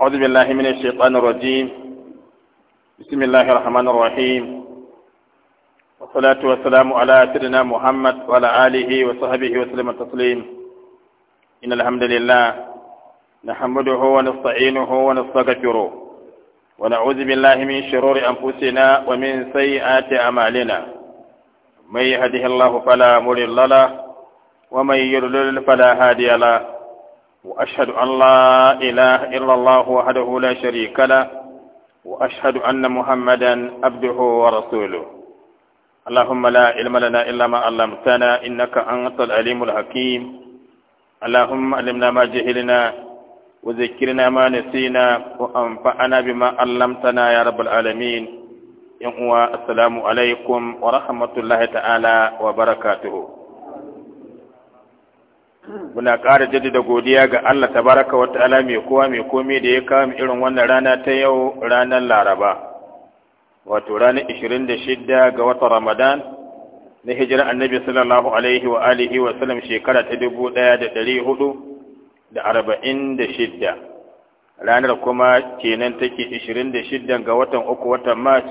أعوذ بالله من الشيطان الرجيم بسم الله الرحمن الرحيم والصلاة والسلام على سيدنا محمد وعلى آله وصحبه وسلم التسليم إن الحمد لله نحمده ونستعينه ونستغفره ونعوذ بالله من شرور أنفسنا ومن سيئات أعمالنا من يهده الله فلا مضل له ومن يضلل فلا هادي له وأشهد أن لا إله إلا الله وحده لا شريك له وأشهد أن محمدا عبده ورسوله اللهم لا علم لنا إلا ما علمتنا إنك أنت العليم الحكيم اللهم علمنا ما جهلنا وذكرنا ما نسينا وأنفعنا بما علمتنا يا رب العالمين السلام عليكم ورحمة الله تعالى وبركاته muna ƙara jaddada godiya ga Allah tabaraka wa ta'ala mai kowa mai komai da ya kawo irin wannan rana ta yau ranar Laraba wato ranar 26 ga watan Ramadan na hijirar Annabi sallallahu alaihi wa alihi wa sallam shekara ta dubu ɗaya da da da hudu arba'in shidda, ranar kuma kenan take 26 ga watan uku watan Mars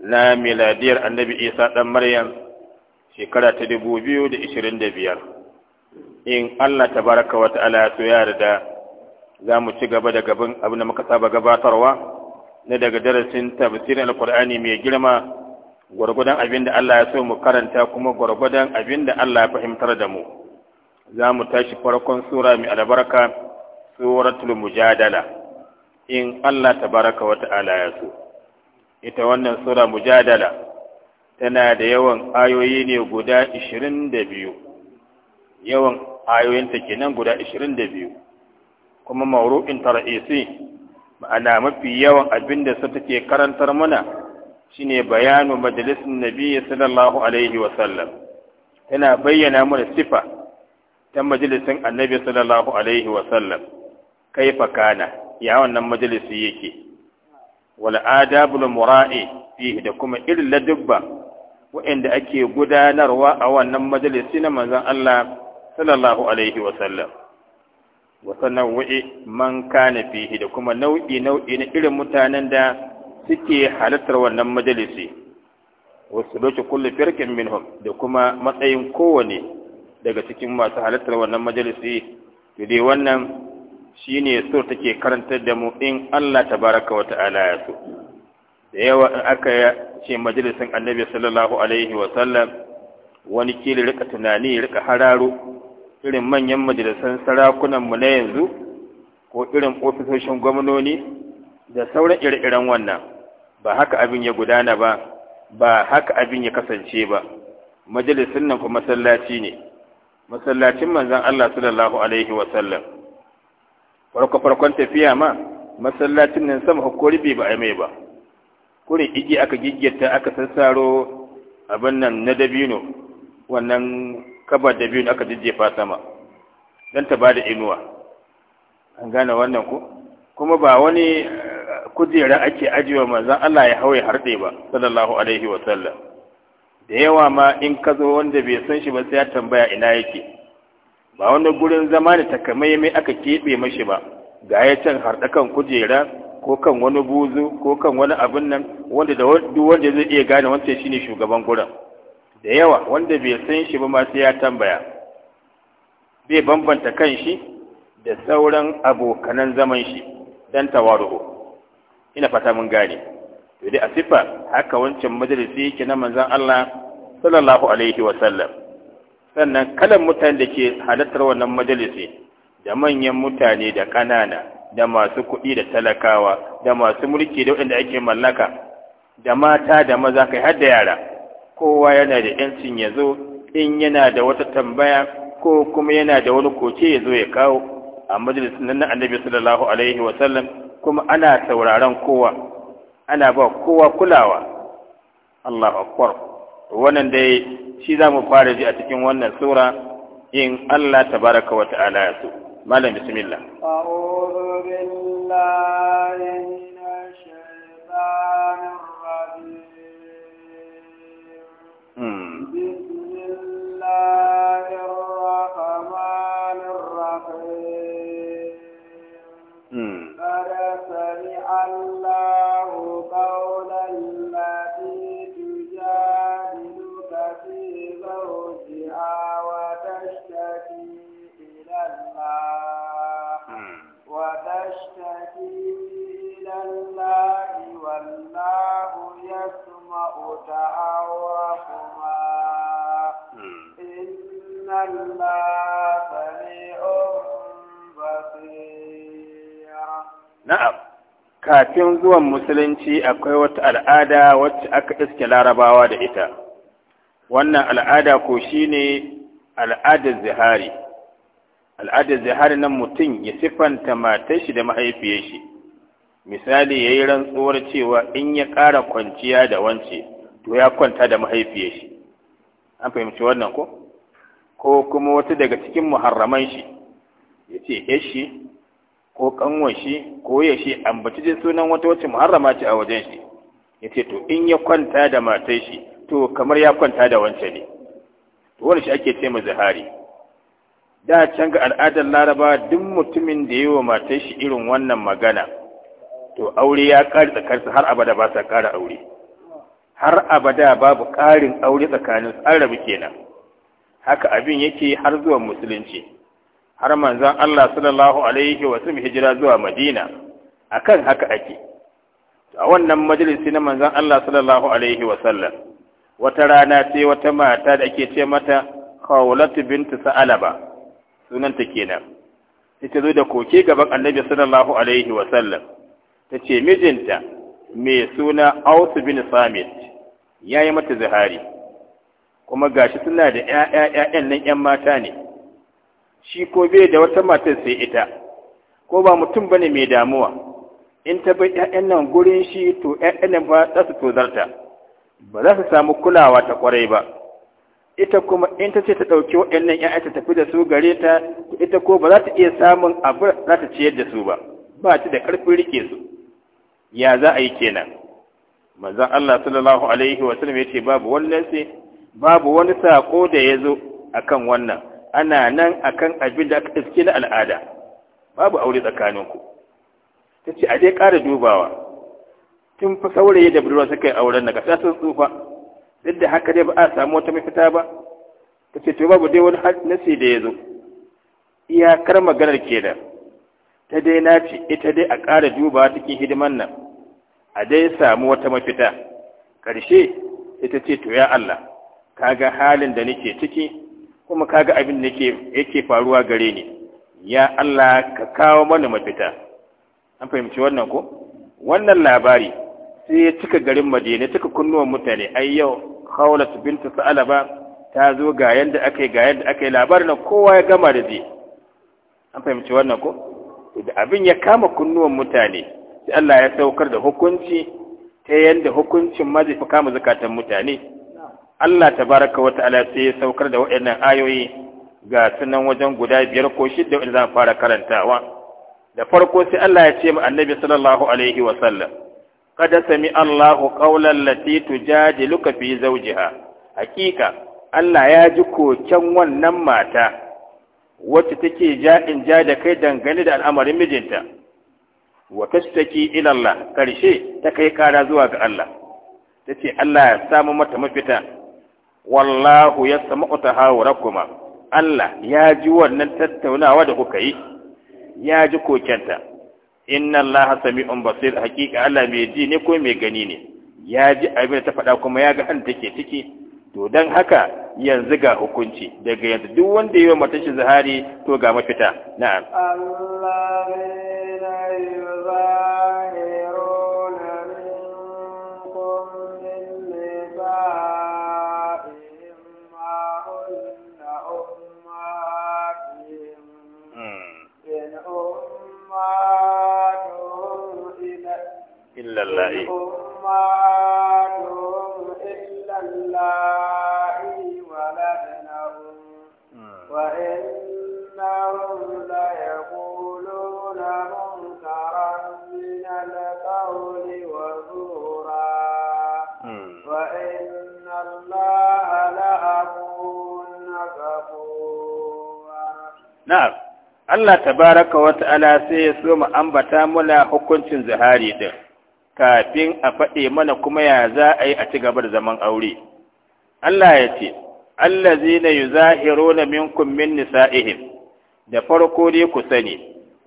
na miladiyar Annabi Isa ɗan Maryam shekara ta dubu biyu biyar. in Allah baraka wa ta'ala ya so ya da za mu ci gaba da gaban abin da muka saba gabatarwa na daga darasin tafsirin alkur'ani mai girma gwargwadon abin da Allah ya so mu karanta kuma gwargwadon abin da Allah ya fahimtar da mu za mu tashi farkon sura mai albarka suratul mujadala in Allah tabaraka wa ta'ala ya so ita wannan sura mujadala tana da yawan ayoyi ne guda da biyu. yawan ayoyinta kenan guda 22 kuma mauru'in tar'isi ma'ana mafi yawan abin da take karantar mana shine bayanu majalisin nabiyyi sallallahu alaihi wa sallam yana bayyana mana sifa ta majalisin annabi sallallahu alaihi wa sallam kaifa kana ya wannan majalisi yake wal adabul mura'i fihi da kuma irin ladubba waɗanda ake gudanarwa a wannan majalisi na manzon Allah sallallahu alaihi wasallam wa'i man kana fihi da kuma nau'i nau'i na irin mutanen da suke halartar wannan majalisi wasu doki kullu firkin minhum da kuma matsayin kowane daga cikin masu halartar wannan majalisi to dai wannan shine so take karantar da mu in Allah tabaraka wa ta'ala ya so da yawa in aka ce majalisin annabi sallallahu alaihi wa sallam wani kili rika tunani rika hararo irin manyan majalisan sarakunanmu na yanzu ko irin ofisoshin gwamnoni da sauran ire-iren wannan ba haka abin ya gudana ba ba haka abin ya kasance ba majalisun nan kuma masallaci ne masallacin manzon Allah sallallahu alaihi wa sallam farko farkon tafiya ma masallacin nan sama hukuri bai ba mai ba kurin igi aka giggeta aka sassaro abin nan na dabino wannan kaba da biyu aka jijjefa sama don ta ba da inuwa an gane wannan ku kuma ba wani eh, kujera ake ajiyewa manzan Allah ya hau ya harɗe ba sallallahu alaihi wa sallam da yawa ma in ka zo wanda bai san shi ba sai ya tambaya ina yake ba wani gurin zama ne takamaimai aka keɓe mashi ba ga ya can harɗa kan kujera ko kan wani buzu ko kan wani abin nan wanda da duk wanda zai iya gane wancan shine shugaban gurin da yawa wanda bai san shi ba ma sai ya tambaya bai bambanta kan shi da sauran abokanan zaman shi dan tawaruhu ina fata mun gane to dai a sifa haka wancan majalisi yake na manzon Allah sallallahu alaihi wa sallam sannan kalan mutanen da ke halartar wannan majalisi da manyan mutane da ƙanana da masu kuɗi da talakawa da masu mulki da waɗanda ake mallaka da mata da maza kai har da yara kowa yana da ‘yancin ya zo in yana da wata tambaya ko kuma yana da wani koce ya zo ya kawo a majalisun nan annabi sallallahu alaihi wasallam kuma ana sauraron kowa ana ba kowa kulawa Allah akwar wannan dai shi za mu fara ji a cikin wannan sura in Allah tabaraka wa ta'ala ya so malam bismillah a'udhu بسم الله الرحمن الرحيم قد سمع الله قول التي تجادلك في زوجها وتشتكي إلى الله وتشتكي إلى الله والله يسمع تعاوركم na'am kafin zuwan musulunci akwai wata al'ada wacce aka iske larabawa da ita wannan al'ada ko shi ne al'adar zihari al'adar zihari nan mutum ya siffanta matar shi da mahaifiyar shi misali ya yi rantsuwar cewa in ya ƙara kwanciya da wance to ya kwanta da mahaifiyar shi an fahimci wannan ko ko kuma wata daga cikin muharraman shi ya ce shi ko kanwar shi ko ya shi ambaci je sunan wata wacce muharrama ce a wajen shi ya ce to in ya kwanta da matai shi to kamar ya kwanta da wancan ne to wani shi ake ce ma zahari da can ga al'adar laraba duk mutumin da yi wa matai shi irin wannan magana to aure ya ƙari tsakarsa har abada ba sa aure har abada babu karin aure tsakanin an rabu kenan haka abin yake har zuwa musulunci har manzon Allah sallallahu alaihi wa sallam hijira zuwa Madina akan haka ake a wannan majalisi na manzon Allah sallallahu alaihi wa sallam wata rana sai wata mata da ake ce mata Khawlatu bint Sa'alaba sunanta kenan ita zo da koke gaban Annabi sallallahu alaihi wa sallam tace mijinta mai suna Aus bin Samit yayi mata zahari kuma gashi suna da ‘ya'ya'ya'yan nan ‘yan mata ne shi ko bai da wata matar sai ita ko ba mutum bane mai damuwa in ta bai ‘ya'yan nan gurin shi to ‘ya'yan nan ba za su tozarta ba za su samu kulawa ta kwarai ba ita kuma in ta ce ta ɗauki waɗannan ‘ya'ya ta tafi da su gare ta ita ko ba za ta iya samun abu za ta ciyar da su ba ba ta da ƙarfin riƙe su ya za a yi kenan manzon Allah sallallahu alaihi wa sallam yace babu wallan sai babu wani sako da ya zo a kan wannan ana nan akan abin da aka iske na al'ada babu aure tsakaninku ta ce a dai ƙara dubawa tun fa saurayi da budurwa suka yi auren na ƙasa sun tsufa duk da haka dai ba a samu wata mafita ba ta ce to babu dai wani nasi da ya zo iyakar maganar kenan ta dai na ce ita dai a ƙara dubawa cikin hidiman nan a dai samu wata mafita ƙarshe ita ce to ya Allah kaga halin da nake ciki kuma kaga abin da yake faruwa gare ni ya Allah ka kawo mana mafita an fahimci wannan ko wannan labari sai ya cika garin madina cika kunnuwan mutane ai yau khawlat bint sa'alaba ta zo ga yanda akai ga yanda akai labarin kowa ya gama da zai an fahimci wannan ko da abin ya kama kunnuwan mutane sai Allah ya saukar da hukunci ta yanda hukuncin ma zai kama zakatan mutane Allah tabaraka wa ta'ala sai ya saukar da waɗannan ayoyi ga sunan wajen guda biyar ko shidda wanda zan fara karantawa da farko sai Allah ya ce ma annabi sallallahu alaihi wa sallam kada sami Allahu qawlan lati tujadiluka fi zawjiha hakika Allah ya ji koken wannan mata wacce take ja'in ja da kai dangane da al'amarin mijinta wa tashtaki ila Allah karshe ta kai kara zuwa ga Allah tace Allah ya samu mata mafita wallahu ya samu kuma. Allah ya ji wannan tattaunawa da kuka yi ya ji kokenta inna Allah sami'un basir hakika Allah mai ji ne ko mai gani ne ya ji abin da ta faɗa kuma ya ga an take ciki to dan haka yanzu ga hukunci daga yanzu duk wanda yi wa matan shi zahari to ga mafita na'am Allah إلا اللائي أمهاتهم آه. وإنهم ليقولون منكرا من القول وزورا آه. وإن الله لأبون غفور نعم Allah tabaraka wa ta'ala sai ya so mu mula hukuncin kafin a faɗe mana kuma ya za a yi a ci gaba da zaman aure Allah ya ce Allah allazina yuzahiruna na min nisa'ihim da farko dai ku sani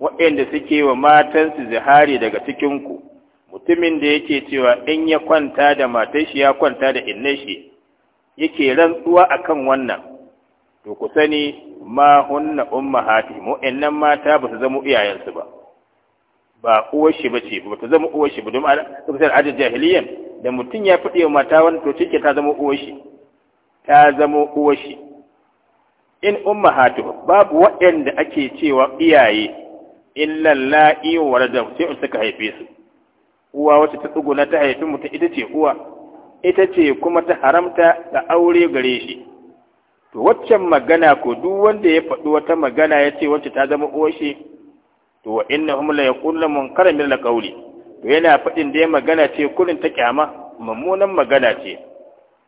waɗanda suke wa matansu zihari daga cikinku mutumin da yake cewa in ya kwanta da matan shi ya kwanta da innan shi yake rantsuwa a kan wannan to ku sani ma hunna ummahatihim nan mata ba su zama iyayensu ba ba uwar shi bace ba ta zama uwar shi ba domin suka san ajin da mutum ya fadi wa mata wani to cike ta zama uwar shi ta zama uwar shi in ummahatu babu waɗanda ake cewa iyaye illa la'i wa rajam sai suka haife su uwa wacce ta tsuguna ta haifi mutum ita ce uwa ita ce kuma ta haramta da aure gare shi to waccan magana ko duk wanda ya faɗi wata magana ya ce wacce ta zama uwar shi to wa innahum la yaquluna munkaran min alqawli to yana fadin da magana ce kurin ta kyama mummunan magana ce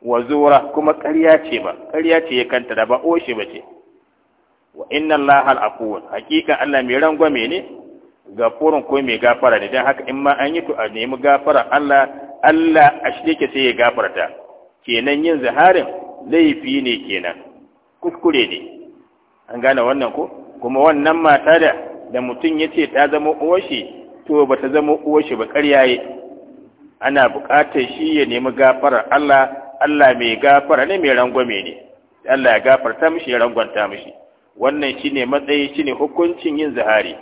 wa zura kuma ƙarya ce ba ƙarya ce kanta da ba oshe ba ce wa inna allaha al-aqul hakika Allah mai rangwame ne gafurin ko mai gafara ne dan haka in ma an yi to a nemi gafara Allah Allah a shirke sai ya gafarta kenan yin zaharin laifi ne kenan kuskure ne an gane wannan ko kuma wannan mata da da mutum ya ce ta zama uwashi to ba ta zama uwashi ba karyaye ana buƙatar shi ya nemi gafarar Allah Allah mai gafara ne mai rangwame ne Allah ya gafarta mishi ya rangwanta mishi wannan shine matsayi shine hukuncin yin zahari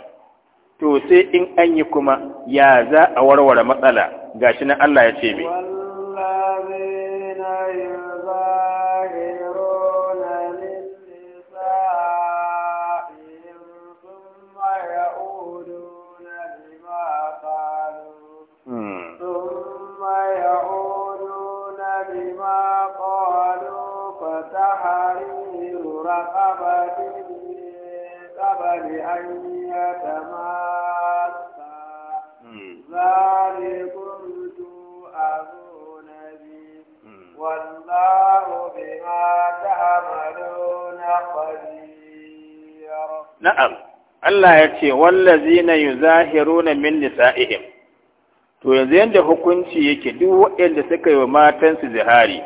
to sai in an yi kuma ya za a warware matsala gashi na Allah ya ce mai والله بما تعملون خبير نعم Allah ya ce zahiru na min nisa'ihim to yanzu yanda hukunci yake duk waɗanda suka yi wa matansu zihari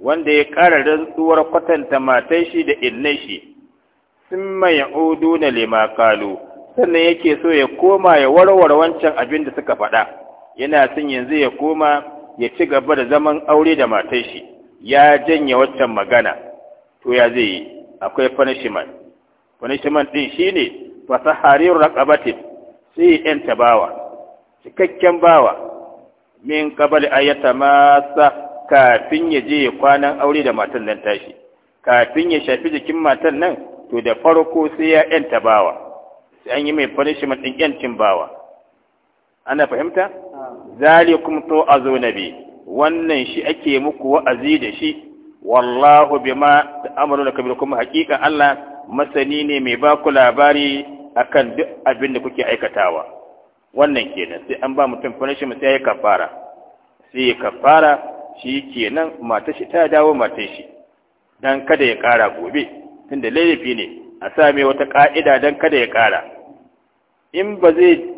wanda ya ƙara rantsuwar kwatanta matan shi da innai shi sun mai na lima kalu sannan yake so ya koma ya warware wancan abin da suka faɗa yana son yanzu ya koma ya ci gaba da zaman aure da matar shi ya janye waccan magana to ya zai akwai punishment punishment din shine saharir raqabati sai yan tabawa cikakken bawa min qabal ayata masa kafin ya je kwanan aure da matan nan tashi kafin ya shafi jikin matar nan to da farko sai ya yanta tabawa sai an yi mai punishment din yancin bawa ana fahimta zalikum to azuna bi wannan shi ake muku wa'azi da shi wallahu bima ta'maluna kabir kuma hakika Allah masani ne mai ba ku labari akan duk abin da kuke aikatawa wannan kenan sai an ba mutum punishment sai ya kafara sai ya kafara shi kenan matar shi ta dawo matar shi dan kada ya kara gobe tunda laifi ne a sa mai wata ka'ida dan kada ya kara in ba zai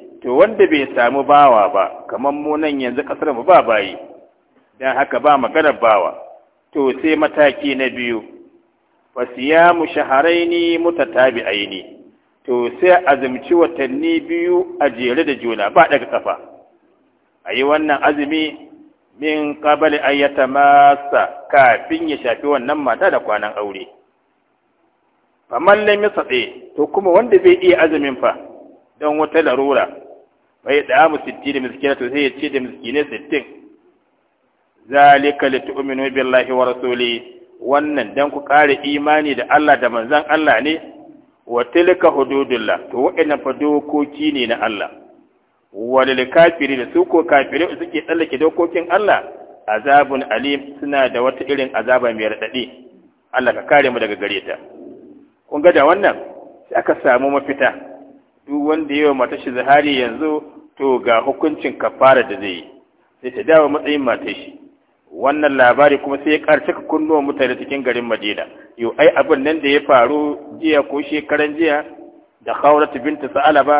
to wanda bai samu bawa ba kamar mu yanzu kasar mu ba bayi dan haka ba maganar bawa to sai mataki na biyu fa siyamu shahraini mutatabi'aini to sai azumci watanni biyu a jere da juna ba daga kafa ayi wannan azumi min qabali ayyata masa kafin ya shafi wannan mata da kwanan aure faman lam tsaye. to kuma wanda bai iya azumin fa don wata larura bai da mu sitti da miskina to sai ya ce da miskina sittin zalika li tu'minu billahi wa rasuli wannan dan ku kare imani da Allah da manzon Allah ne wa tilka hududullah to wa'ina fa dokoki ne na Allah wa lil kafiri da su ko kafirai suke tsallake dokokin Allah azabun alim suna da wata irin azaba mai radadi Allah ka kare mu daga gareta ta kun ga da wannan sai aka samu mafita duk wanda yawa mata shi zahari yanzu to ga hukuncin kafara da zai yi sai ta dawo matsayin matar shi wannan labari kuma sai ya karci kunnuwan mutane cikin garin Madina yo ai abin nan da ya faru jiya ko shekaran jiya da Khawrat binta salaba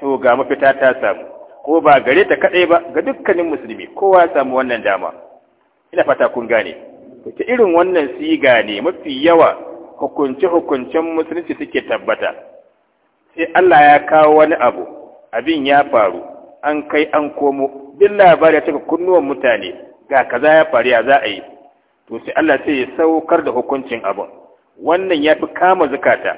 to ga mafita ta samu ko ba gare ta kadai ba ga dukkanin musulmi kowa ya samu wannan dama ina fata kun gane ta irin wannan siga ne mafi yawa hukunce hukuncen musulunci suke tabbata sai Allah ya kawo wani abu abin ya faru an kai an komo bin labari ya cika kunnuwan mutane ga kaza ya faru ya za a yi to sai Allah sai ya saukar da hukuncin abin wannan ya fi kama zukata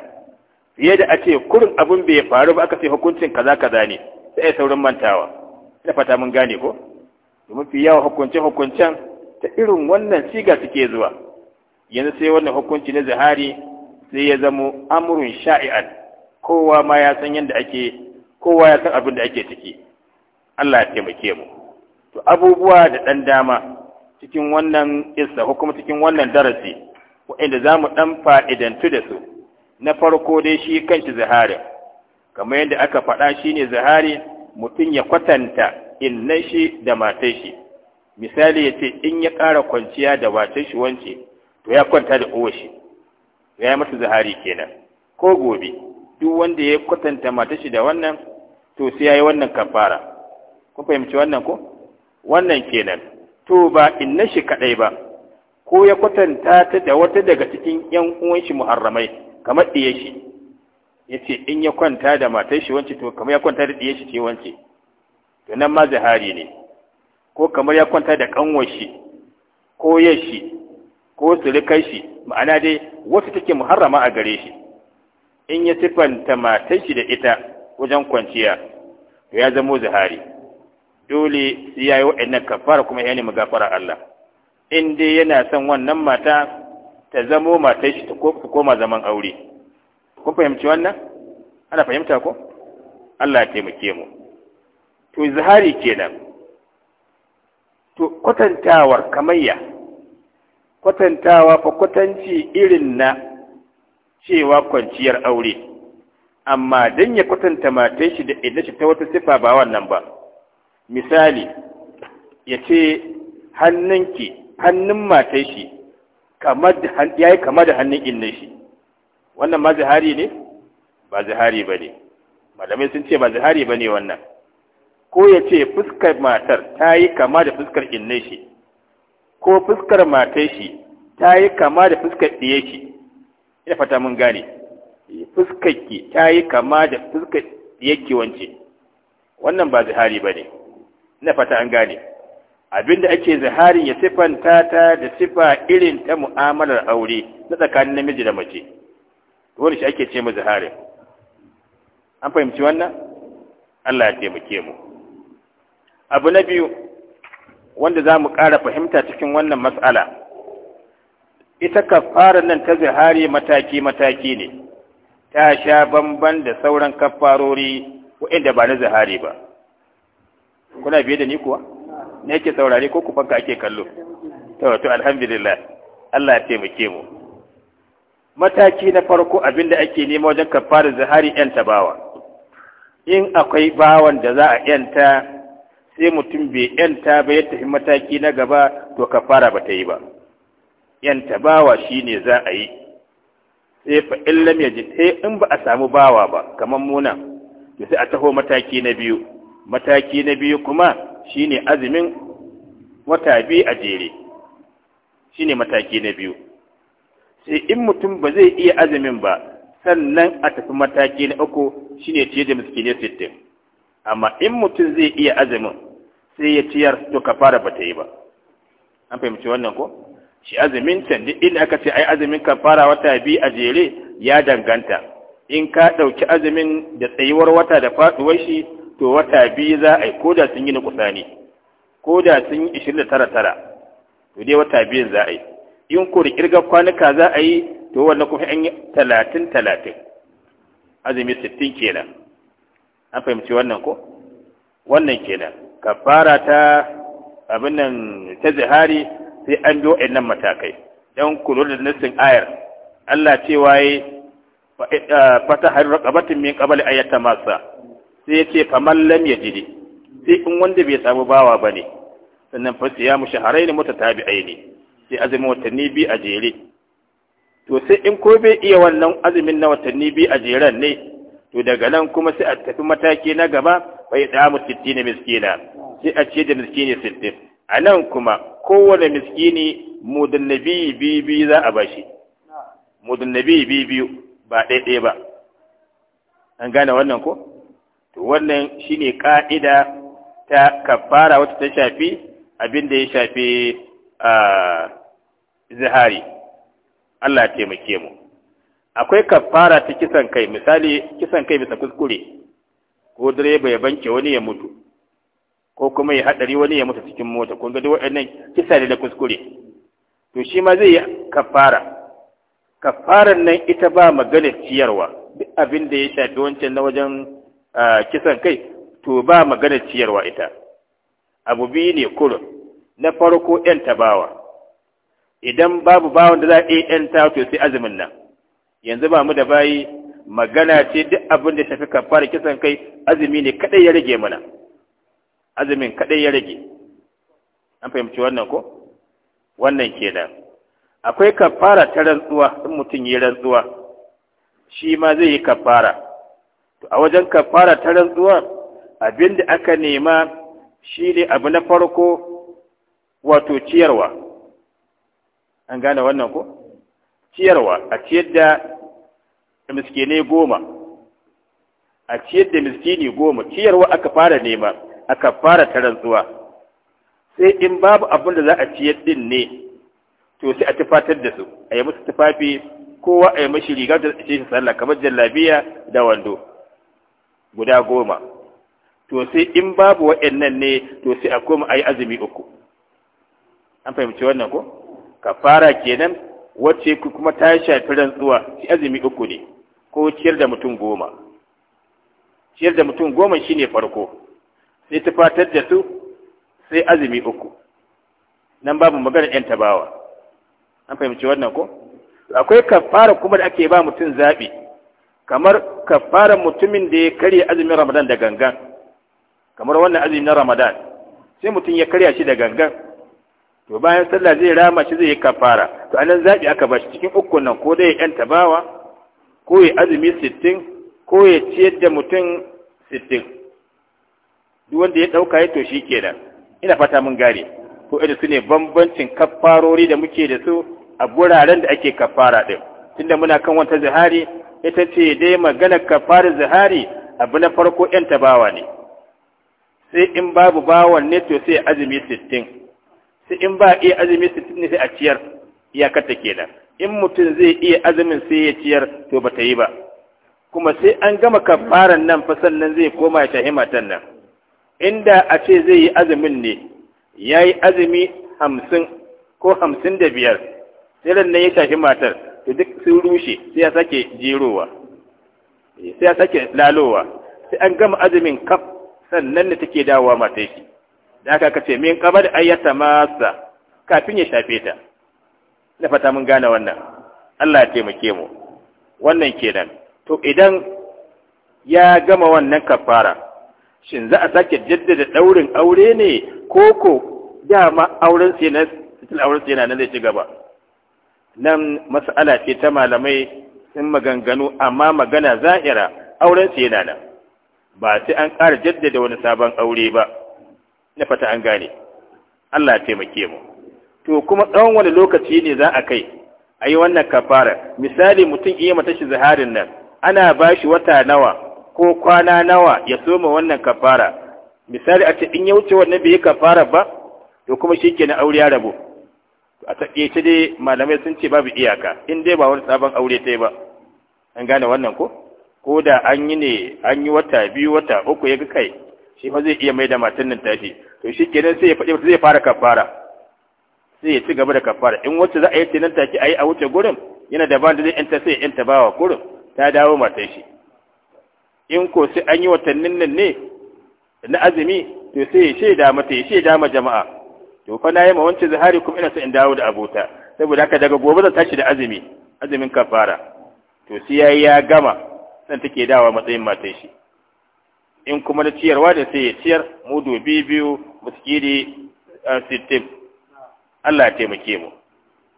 fiye da a ce kurin abin bai faru ba aka sai hukuncin kaza kaza ne sai saurin mantawa ta fata mun gane ko domin fi yawa hukuncin hukuncen ta irin wannan siga suke zuwa yanzu sai wannan hukunci na zahari sai ya zamo amurin sha'i'an kowa ma ya san yadda ake kowa ya san abin da ake ciki Allah ya taimake mu to abubuwa da ɗan dama cikin wannan isa ko kuma cikin wannan darasi waɗanda za mu ɗan fa'idantu da su na farko dai shi kanshi zahari kamar yadda aka faɗa shi ne zahari mutum ya kwatanta innan shi da matai shi misali ya ce in ya ƙara kwanciya da matai shi wance to ya kwanta da uwa shi ya yi mata zahari kenan ko gobe duk wanda ya kwatanta mata shi da wannan to sai yayi wannan kafara ku fahimci wannan ko wannan kenan to ba inna shi kadai ba ko ya kwatanta ta da wata daga cikin yan uwan shi muharramai kamar diye shi yace in ya kwanta da matar shi wance to kamar ya kwanta da diye shi ce wance to nan ma zahari ne ko kamar ya kwanta da kanwar shi ko yashi ko surukai shi ma'ana dai wasu take muharrama a gare shi in ya sifanta matan shi da ita wajen kwanciya to ya zamo zahari dole sai ya yi waɗannan kafara kuma ya nemi gafara Allah in dai yana son wannan mata ta zamo matan shi ta koma zaman aure kun fahimci wannan ana fahimta ko Allah ya taimake mu to zahari kenan to kwatantawar kamayya kwatantawa fa kwatanci irin na cewa kwanciyar aure amma don ya kwatanta matan shi da idan shi ta wata sifa ba wannan ba misali ya ce hannunki hannun matan shi ya yi kama da hannun innan shi wannan ma zihari ne ba zihari ba ne malamai sun ce ba zihari ba ne wannan ko ya ce fuskar matar ta yi kama da fuskar innan shi ko fuskar matan shi ta yi kama da fuskar ɗiye shi ina fata mun gane eh, fuskarki ta yi kama da fuskar yake wance wannan ba zahari ba ne ina fata an gane abinda ake zahari ya siffanta ta da siffa irin ta mu'amalar aure na tsakanin namiji da mace wani shi ake ce mu ziharin an fahimci wannan Allah ya taimake mu abu na biyu wanda za mu ƙara fahimta cikin wannan matsala ita kafarar nan ta zihari mataki-mataki ne ta sha bamban da sauran kafarori waɗanda ba na zihari ba kuna biye da ni kuwa ne yake saurare ko kufanka ake kallo ta alhamdulillah Allah ya taimake mu mataki na farko abinda ake nema wajen kafarar zihari yanta tabawa in akwai bawan da za a yanta sai mutum bai yanta ba ya tafi mataki na gaba to kafara ba ta yi ba yanta bawa ne za a yi sai fa illam ya ji sai in ba a samu bawa ba kamar muna da sai a taho mataki na biyu mataki na biyu kuma shi ne azumin wata biyu a jere shi ne mataki na biyu sai in mutum ba zai iya azumin ba sannan a tafi mataki na uku shi ne ciye da miskinai sittin amma in mutum zai iya azumin sai ya ciyar to kafara ba ta yi ba an fahimci wannan ko shi azumin ta duk inda aka ce ai azumin fara wata biyu a jere ya danganta in ka ɗauki azumin da tsayuwar wata da faɗuwar shi to wata biyu za a yi ko da sun yi kusa ne ko da sun yi ishirin da tara tara to dai wata biyun za a yi in ko da kirgar kwanuka za a yi to wannan kuma an yi talatin talatin azumi sittin kenan an fahimci wannan ko wannan kenan kafara ta abin nan ta zihari sai an bi wa'annan matakai dan kulul da nassin ayar Allah ce cewa yi eh, fatahar rakabatin min qabli ayata masa sai yace faman lam jide sai in wanda bai samu bawa bane sannan fa mu shahrayn aini. sai azumin watanni biyu a jere to sai in ko bai iya wannan azumin na watanni biyu a jeren ne to daga nan kuma sai a tafi mataki na gaba bai da mu 60 miskina sai a ce da miskini 60 a nan kuma kowane miskini mudun nabi biyu za a bashi mudun nabi biyu ba ɗaiɗaya ba an gane wannan ko to wannan shine ƙa'ida ta kafara wata ta shafi abin da ya shafi a zihari Allah taimake mu akwai kafara ta kisan kai misali kisan kai bisa kuskure ko direba ya banke wani ya mutu ko kuma ya haɗari wani ya mutu cikin mota kun ga duk waɗannan kisa ne da kuskure to shi ma zai yi kafara kafaran nan ita ba magana ciyarwa duk abin da ya shafi wancan na wajen kisan kai to ba magana ciyarwa ita abu biyu ne kurum na farko ‘yan tabawa idan babu bawan da za a ‘yan ta to sai azumin nan yanzu ba mu da bayi magana ce duk abin da shafi kafara kisan kai azumi ne kaɗai ya rage mana azumin kaɗai ya rage an fahimci wannan ko wannan kenan akwai kafara ta rantsuwa in mutum yi rantsuwa shi ma zai yi kafara to a wajen kafara ta rantsuwa abinda aka nema shi ne abu na farko wato ciyarwa an gane wannan ko ciyarwa a ciyar da miskinai goma a ciyar da miskini goma ciyarwa aka fara nema a kafara ta rantsuwa sai in babu abin da za a ciyar din ne to sai a tufatar da su a yi musu tufafi kowa a yi mashi riga da ce shi sallah kamar jallabiya da wando guda goma to sai in babu waɗannan ne to sai a koma a yi azumi uku an fahimci wannan ko kafara kenan wacce kuma ta shafi rantsuwa shi azumi uku ne ko ciyar da mutum goma ciyar da mutum goma shine farko sai tufatar da su sai azumi uku nan babu maganar yan tabawa an fahimci wannan ko akwai kafara kuma da ake ba mutum zaɓi kamar kafara mutumin da ya karya azumin ramadan da gangan kamar wannan azumin ramadan sai mutum ya karya shi da gangan to bayan sallah zai rama shi zai yi kafara to anan zaɓi aka ba shi cikin uku nan ko dai yan tabawa ko ya azumi sittin ko ya ciyar da mutum sittin duk wanda ya ɗauka ya to shi kenan ina fata mun gane ko da su ne bambancin kafarori da muke da su a guraren da ake kafara ɗin tunda muna kan wata zahari ita ce dai magana kafarar zahari abu na farko ‘yan tabawa ne sai in babu bawan ne to sai azumi sittin sai in ba iya azumi sittin ne sai a ciyar iyakar ta kenan in mutum zai iya azumin sai ya ciyar to bata yi ba kuma sai an gama kafaran nan fa sannan zai koma ya tahimatan nan inda a ce zai yi azumin ne ya yi azumi hamsin ko hamsin da biyar sai nan ya shafi matar to duk sun rushe sai ya sake jerowa sai ya sake lalowa sai an gama azumin kaf sannan ne take dawowa mata shi da aka kace min kabar ayyata masa kafin ya shafe ta na fata mun gane wannan Allah ya taimake mu wannan kenan to idan ya gama wannan kafara shin za a sake jaddada daurin aure ne ko ko dama auren sai na sitil auren sai na zai ci gaba nan mas'ala ce ta malamai sun maganganu amma magana zahira auren sai na nan ba sai an ƙara jaddada wani sabon aure ba na fata an gane Allah ya taimake mu to kuma tsawon wani lokaci ne za a kai a yi wannan kafara misali mutum iya mata shi zaharin nan ana ba shi wata nawa ko kwana nawa ya soma wannan kafara misali a ce in ya wuce wannan bai yi kafara ba to kuma shikenan aure ya rabu a taƙaice dai malamai sun ce babu iyaka in dai ba wani sabon aure ta ba an gane wannan ko ko da an yi ne an yi wata biyu wata uku ya ga kai shi fa zai iya mai da matan nan tashi to shi kenan sai ya faɗi zai fara kafara sai ya ci gaba da kafara in wacce za a yi nan take a yi a wuce gurin yana da da zai yanta sai ya yanta bawa gurin ta dawo matan shi in ko sai an yi watannin nan ne na azumi to sai ya shaida mata ya shaida ma jama'a to fa na yi ma wancan zahari kuma ina sa in dawo da abota saboda haka daga gobe zan tashi da azumi azumin kafara to sai yayi ya gama san take dawo matsayin matan shi in kuma na ciyarwa da sai ya ciyar mu mudu biyu muskiri sittin Allah ya taimake mu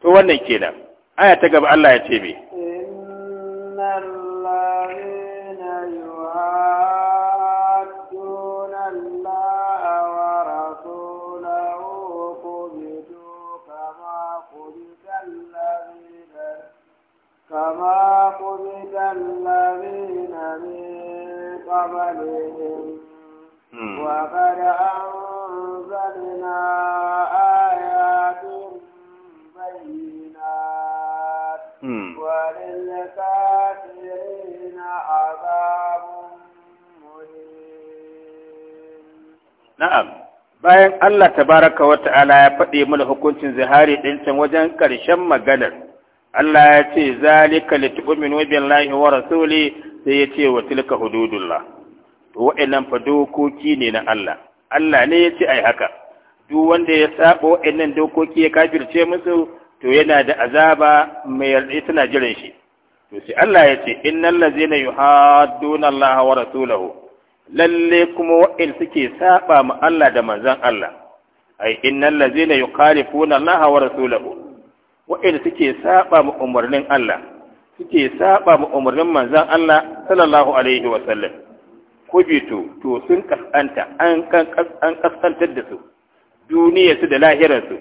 to wannan kenan aya ta gaba Allah ya ce me كما قبض الذين من قبلهم وقد أنزلنا آيات بينات وللكافرين عذاب نعم بين الله تبارك وتعالى يبدي من حكم زهاري إنسان وجن كرشم مجلس Allah ya ce zalika litu'minu billahi wa rasuli sai ya ce wa tilka hududullah to wa'annan fa dokoki ne na Allah Allah ne ya ce ai haka duk wanda ya saɓa wa'annan dokoki ya kafirce musu to yana da azaba mai yarda tana jiran shi to sai Allah ya ce innal ladzina yuhadduna Allah wa rasulahu lalle kuma wa'in suke saɓa ma Allah da manzan Allah ai innal ladzina yukhalifuna Allah wa rasulahu waɗanda suke saba ma umarnin Allah suke saba ma umarnin manzon Allah sallallahu alaihi wa sallam kubitu to sun kasanta an kan an kasantar da su Duniya su da lahirar su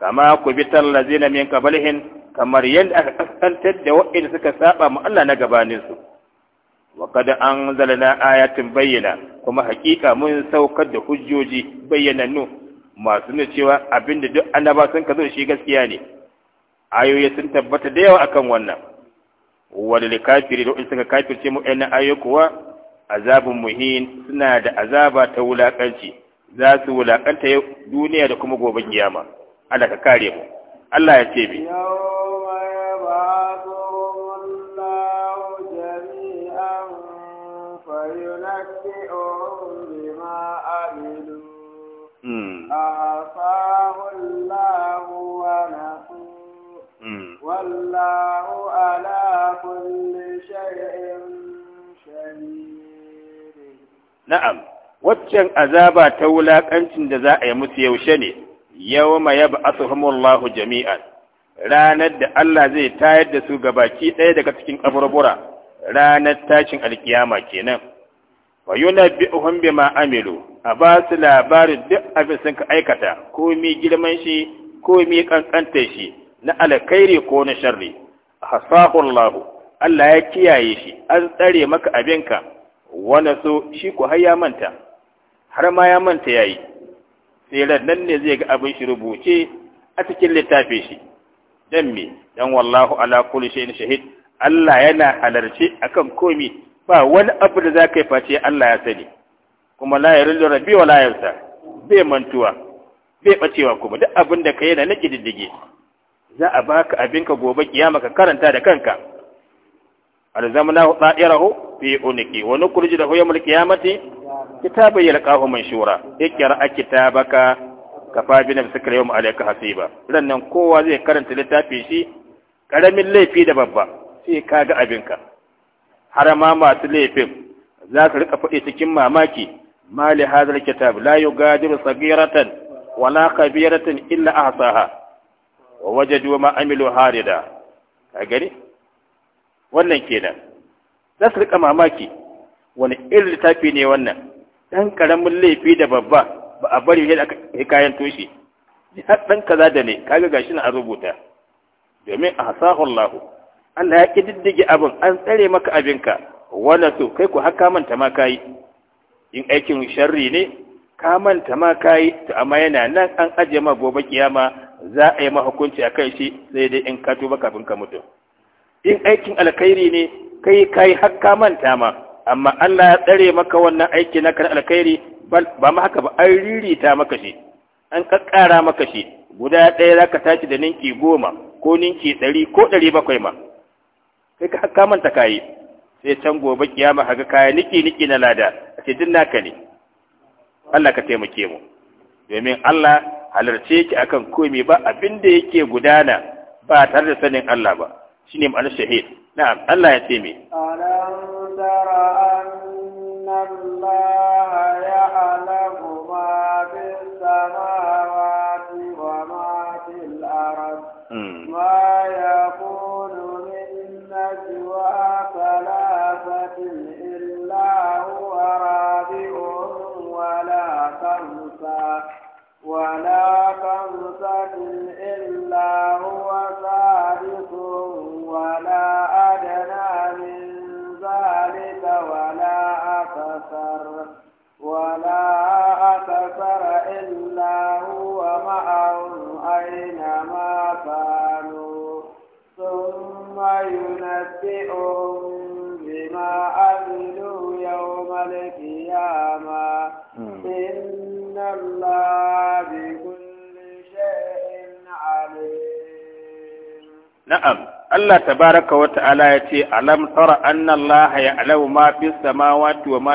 kama bi lazina min qablihin kamar yadda aka kasantar da waɗanda suka saba ma Allah na gabanin su wa an ayatin bayyana kuma haƙiƙa mun saukar da hujjoji bayyanannu masu nuna cewa abinda duk annaba sun ka zo shi gaskiya ne ayoyi sun tabbata da yawa akan wannan wanda da kafiri da suka kafirce mu ɗan ayo kuwa azabun muhin suna da azaba ta wulakanci za su wulakanta duniya da kuma gobe kiyama Allah ka kare mu Allah ya ce bi أحصاه والله على waccan azaba ta wulaƙancin da za a yi musu yaushe ne yau ma ya ba ba'asuhumullahu jami'an ranar da Allah zai tayar da su gabaki ɗaya daga cikin kaburbura ranar tashin alkiyama kenan wa yunabbi'uhum bima amilu a ba su labarin duk abin sun ka aikata ko mi girman shi ko mi shi na alkhairi ko na sharri hasahu Allah Allah ya kiyaye shi an tsare maka abinka wani so shi ko har ya manta har ma ya manta yayi sai nan ne zai ga abin shi rubuce a cikin littafin shi dan me dan wallahu ala kulli shay'in shahid Allah yana halarci akan komi ba wani abu da zaka yi face Allah ya sani kuma la yarullu rabbi wa la yansa bai mantuwa bai bacewa kuma duk abin da kai yana na kididdige za a baka abinka gobe kiyama ka karanta da kanka alzamna ta'irahu fi uniki wa nukhrij lahu yawm al-qiyamati kitaban yalqahu manshura ikra kitabaka kafa bi nafsika yawm alayka hasiba rannan kowa zai karanta littafin shi karamin laifi da babba sai kaga abinka har ma masu laifin za ka rika faɗi cikin mamaki mali hadhal kitab la yugadiru sagiratan wala kabiratan illa ahsaha wa wajadu ma amilu harida ka gani wannan kenan za su rika mamaki wani irin littafi ne wannan dan karamin laifi da babba ba a bari yadda aka kayan toshe har dan kaza da ne kaga gashi na an rubuta domin a hasahu Allah ya kididdige abin an tsare maka abinka wala su kai ku haka manta ma kai in aikin sharri ne ka manta ma kai to amma yana nan an ajiye ma gobe kiyama za a yi mahukunci a kai shi sai dai in ka tuba kafin ka mutu in aikin alkhairi ne kai kai ka manta ma amma Allah ya tsare maka wannan aiki na kan alkhairi ba ma haka ba an ririta maka shi an kakkara maka shi guda ɗaya za ka tashi da ninki goma ko ninki ɗari ko ɗari bakwai ma sai ka haka manta ka yi sai can gobe kiyama haka kaya niki niki na lada a ce duk naka ne Allah ka taimake mu domin Allah halarce ki akan komai ba abin da yake gudana ba tare da sanin Allah ba shine ma'anar shahid na'am Allah ya ce me alam tara إن الله بكل شيء عليم نعم Allah tabaraka wa ta'ala ya ce alam tara anna Allah ya alau ma fi samawati wa ma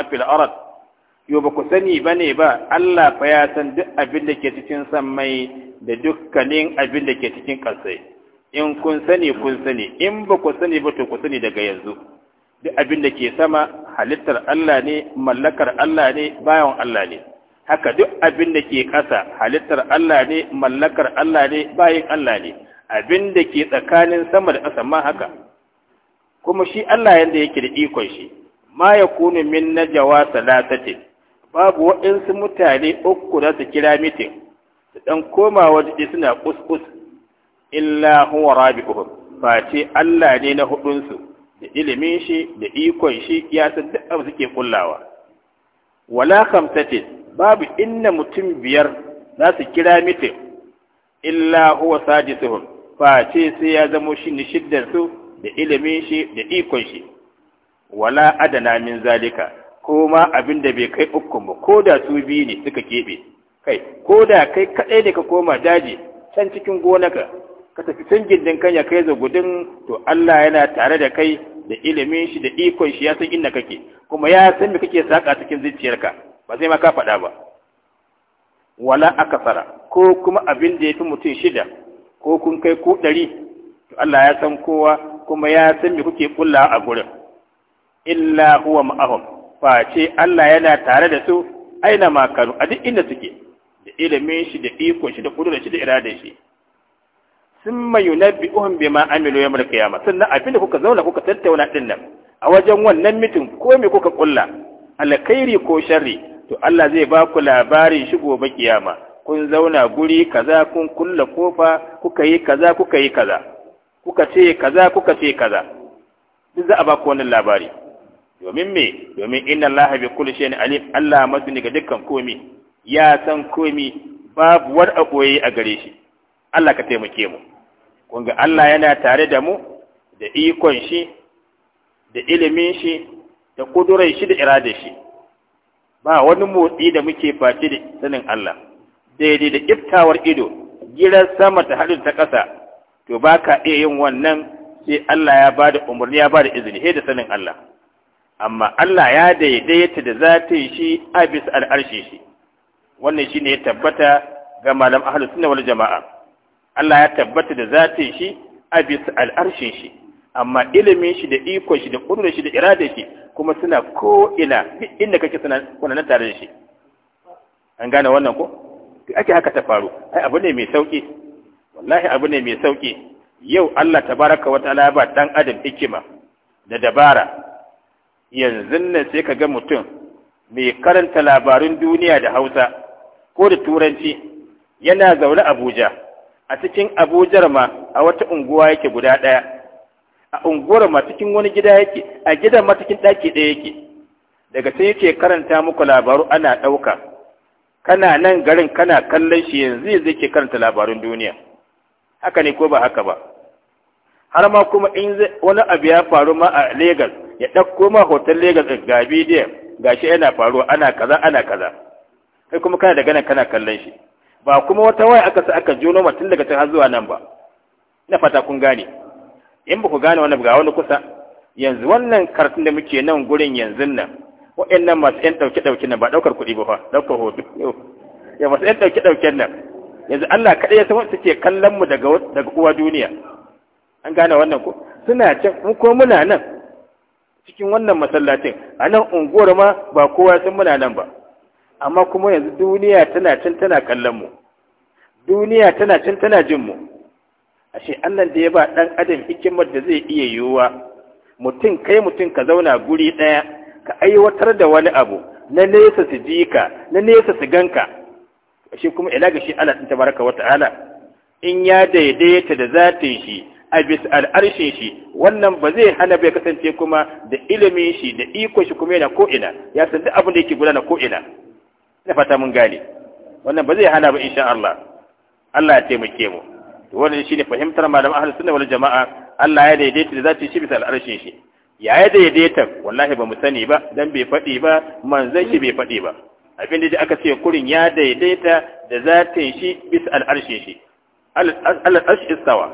yo ba ku sani bane ba Allah fa ya san duk abin da ke cikin sammai da dukkanin abin da ke cikin ƙasai in kun sani kun sani in ba ku sani ba to ku sani daga yanzu duk abin da ke sama halittar Allah ne mallakar Allah ne bayan Allah ne haka duk abin da ke ƙasa halittar Allah ne mallakar Allah ne bayan Allah ne abin da ke tsakanin sama da ƙasa ma haka kuma shi Allah yanda yake da ikon shi ma ya kunu min najawa salatatin babu waɗansu mutane uku da su kira mitin su ɗan koma waje suna kuskus illa huwa rabi'uhum ce Allah ne na huɗunsu. da ilimin shi da ikon shi ya san duk abu suke kullawa wala kamtatin babu inna mutum biyar za su kira miti illa huwa sadisuhum ce sai ya zamo shi ni shiddar su da ilimin shi da ikon shi wala adana min zalika ko abin da bai kai ukun ba ko da su biyu ne suka keɓe kai ko da kai kaɗai ne ka koma daji can cikin gonaka ka tafi can gindin kanya kai zagudin to Allah yana tare da kai da ilimin shi da ikon shi ya san inda kake kuma ya san me kake saka cikin zuciyarka ba sai ma ka faɗa ba wala akasara ko kuma abin da yafi mutum shida ko kun kai ko ɗari to Allah ya san kowa kuma ya san me kuke kulla a gurin illa huwa ma'ahum face Allah yana tare da su aina makaru a duk inda suke da ilimin shi da ikon shi da kudurar shi da iradar shi uhun yunabbi'uhum ma amilu yawmal qiyamah sannan abinda kuka zauna kuka tattauna din nan a wajen wannan mitin ko me kuka kulla alkhairi ko sharri to Allah zai ba ku labarin shi gobe kiyama kun zauna guri kaza kun kulla kofa kuka yi kaza kuka yi kaza kuka ce kaza kuka ce kaza duk za a ba ku wannan labari domin me domin inna Allah bi kulli shay'in alim Allah masani ga dukkan komi ya san komi babu wani a koyi a gare shi Allah ka taimake mu ƙunga Allah yana tare da mu da ikon shi da ilimin shi da kudurai shi da da shi ba wani motsi da muke face da sanin Allah daidai da kiftawar ido gidan sama ta haɗin ta ƙasa to ba ka iya yin wannan sai Allah ya ba da umarni ya ba da izini He da sanin Allah amma Allah ya daidaita da zatin shi a bisa shi wannan shine ya tabbata ga malam ahlus sunna wal jama'a Allah ya tabbata da zatin shi a bisa al'arshin shi amma ilimin shi da ikon shi da ƙudurin shi da irada shi kuma suna ko ina inda kake suna na tare da shi an gane wannan ko duk ake haka ta faru ai abu ne mai sauki wallahi abu ne mai sauki yau Allah tabaraka wa ta'ala ba dan adam hikima da dabara yanzu nan sai ka ga mutum mai karanta labarun duniya da Hausa ko da Turanci yana zaune Abuja a cikin abujar ma a wata unguwa yake guda ɗaya a unguwar ma cikin wani gida yake a gidan ma cikin ɗaki ɗaya yake daga sai yake karanta muku labaru ana ɗauka kana nan garin kana kallon shi yanzu yanzu yake karanta labarun duniya haka ne ko ba haka ba har ma kuma in wani abu ya faru ma a Legas ya ɗauko ma hoton Legas ga bidiyon gashi yana faruwa ana kaza ana kaza kai kuma kana da ganin kana kallon shi ba kuma wata waya aka sa aka jono ma tun daga can har zuwa nan ba ina fata kun gane in ba ku gane wani ga wani kusa yanzu wannan karatun da muke nan gurin yanzu nan waɗannan masu ƴan ɗauke-ɗauke nan ba ɗaukar kuɗi ba fa ɗaukar hoto ya masu ƴan ɗauke ɗauke nan yanzu Allah kaɗai ya san suke kallon mu daga daga uwa duniya an gane wannan ko suna can mu ko muna nan cikin wannan masallacin a nan unguwar ma ba kowa sun muna nan ba amma kuma yanzu duniya tana can tana kallon mu duniya tana can tana jin mu ashe annan da ya ba ɗan adam hikimar da zai iya yiwuwa mutum kai mutum ka zauna guri daya ka aiwatar da wani abu na nesa su ji ka na nesa su ganka ashe kuma ila ga shi Allah din tabaraka wata'ala in ya daidaita da zatin shi a bisa al'arshin shi wannan ba zai hana bai kasance kuma da ilimin shi da iko shi kuma yana ko'ina ya san duk abin da yake gudana ko'ina da fata mun gane wannan ba zai hana ba insha Allah Allah ya taimake mu to wannan shine fahimtar malaman ahlus sunna wal jamaa Allah ya daidaita da zati shi bisa al'arshin shi ya ya daidaita wallahi ba mu sani ba dan bai fadi ba manzon shi bai fadi ba abin da aka ce kurin ya daidaita da zatin shi bisa al'arshin shi al'arshi istawa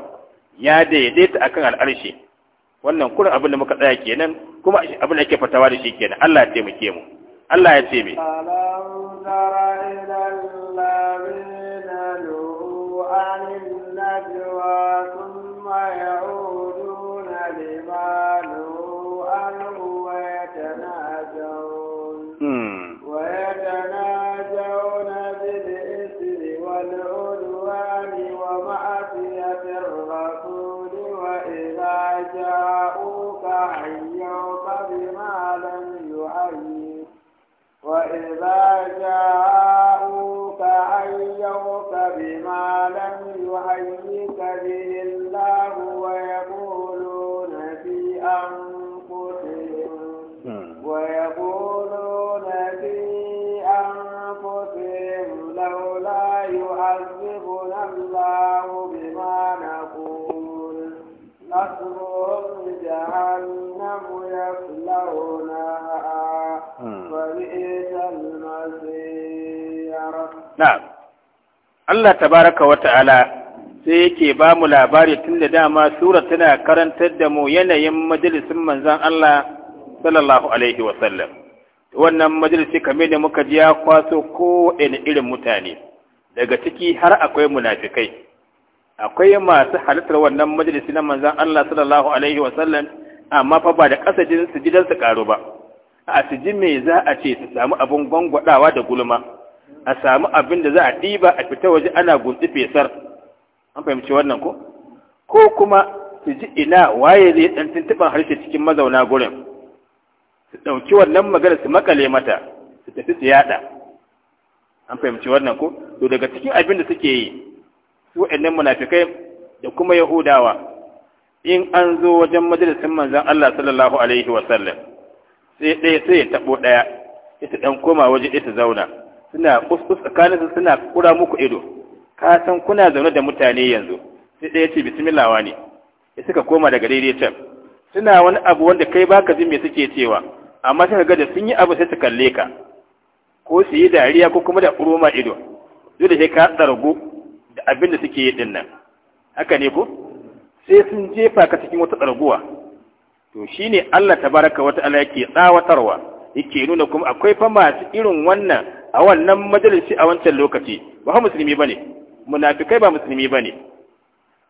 ya daidaita akan al'arshi wannan kurin abin da muka tsaya kenan kuma abin da ake fatawa da shi kenan Allah ya taimake mu Allah ya taimake mu جاءوك عيوك بما لم يعيك به الله ويقولون في أنفسهم نعم. ويقولون في أنفسهم لولا يعذبنا الله بما نقول نصرهم جهنم يصلونها na'am Allah tabaraka wa ta'ala sai yake ba mu labari tun da dama sura tana karantar da mu yanayin majalisin manzan Allah sallallahu alaihi wasallam. wannan majalisi kamar da muka ji ya kwaso kowane irin mutane daga ciki har akwai munafikai akwai masu halittar wannan majalisi na manzan Allah sallallahu alaihi wasallam amma fa ba da ƙasa su gidan su ba a su ji me za a ce su samu abin gwangwaɗawa da gulma a samu abin da za a ɗiba a fita waje ana gunti fesar an fahimci wannan ko ko kuma su ji ina waye zai ɗan tuntuɓar harshe cikin mazauna gurin su ɗauki wannan magana su makale mata su tafi su yaɗa an fahimci wannan ko to daga cikin abin da suke yi su waɗannan munafikai da kuma yahudawa in an zo wajen majalisin manzon Allah sallallahu alaihi wa sallam sai ɗaya sai ya taɓo ɗaya ita ɗan koma waje ita zauna suna kuskus tsakaninsu suna kura muku ido ka san kuna zaune da mutane yanzu sai ɗaya ce bismillah wa ne ya suka koma daga daidai can suna wani abu wanda kai baka jin me suke cewa amma sai ga da sun yi abu sai su kalle ka ko su yi dariya ko kuma da kuroma ido dole sai ka tsargu da abin da suke yi din nan haka ne ko sai sun jefa ka cikin wata tsarguwa to shine Allah tabaraka wa ta'ala yake tsawatarwa yake nuna kuma akwai fa masu irin wannan a wannan majalisi a wancan lokaci ba musulmi bane munafikai ba musulmi bane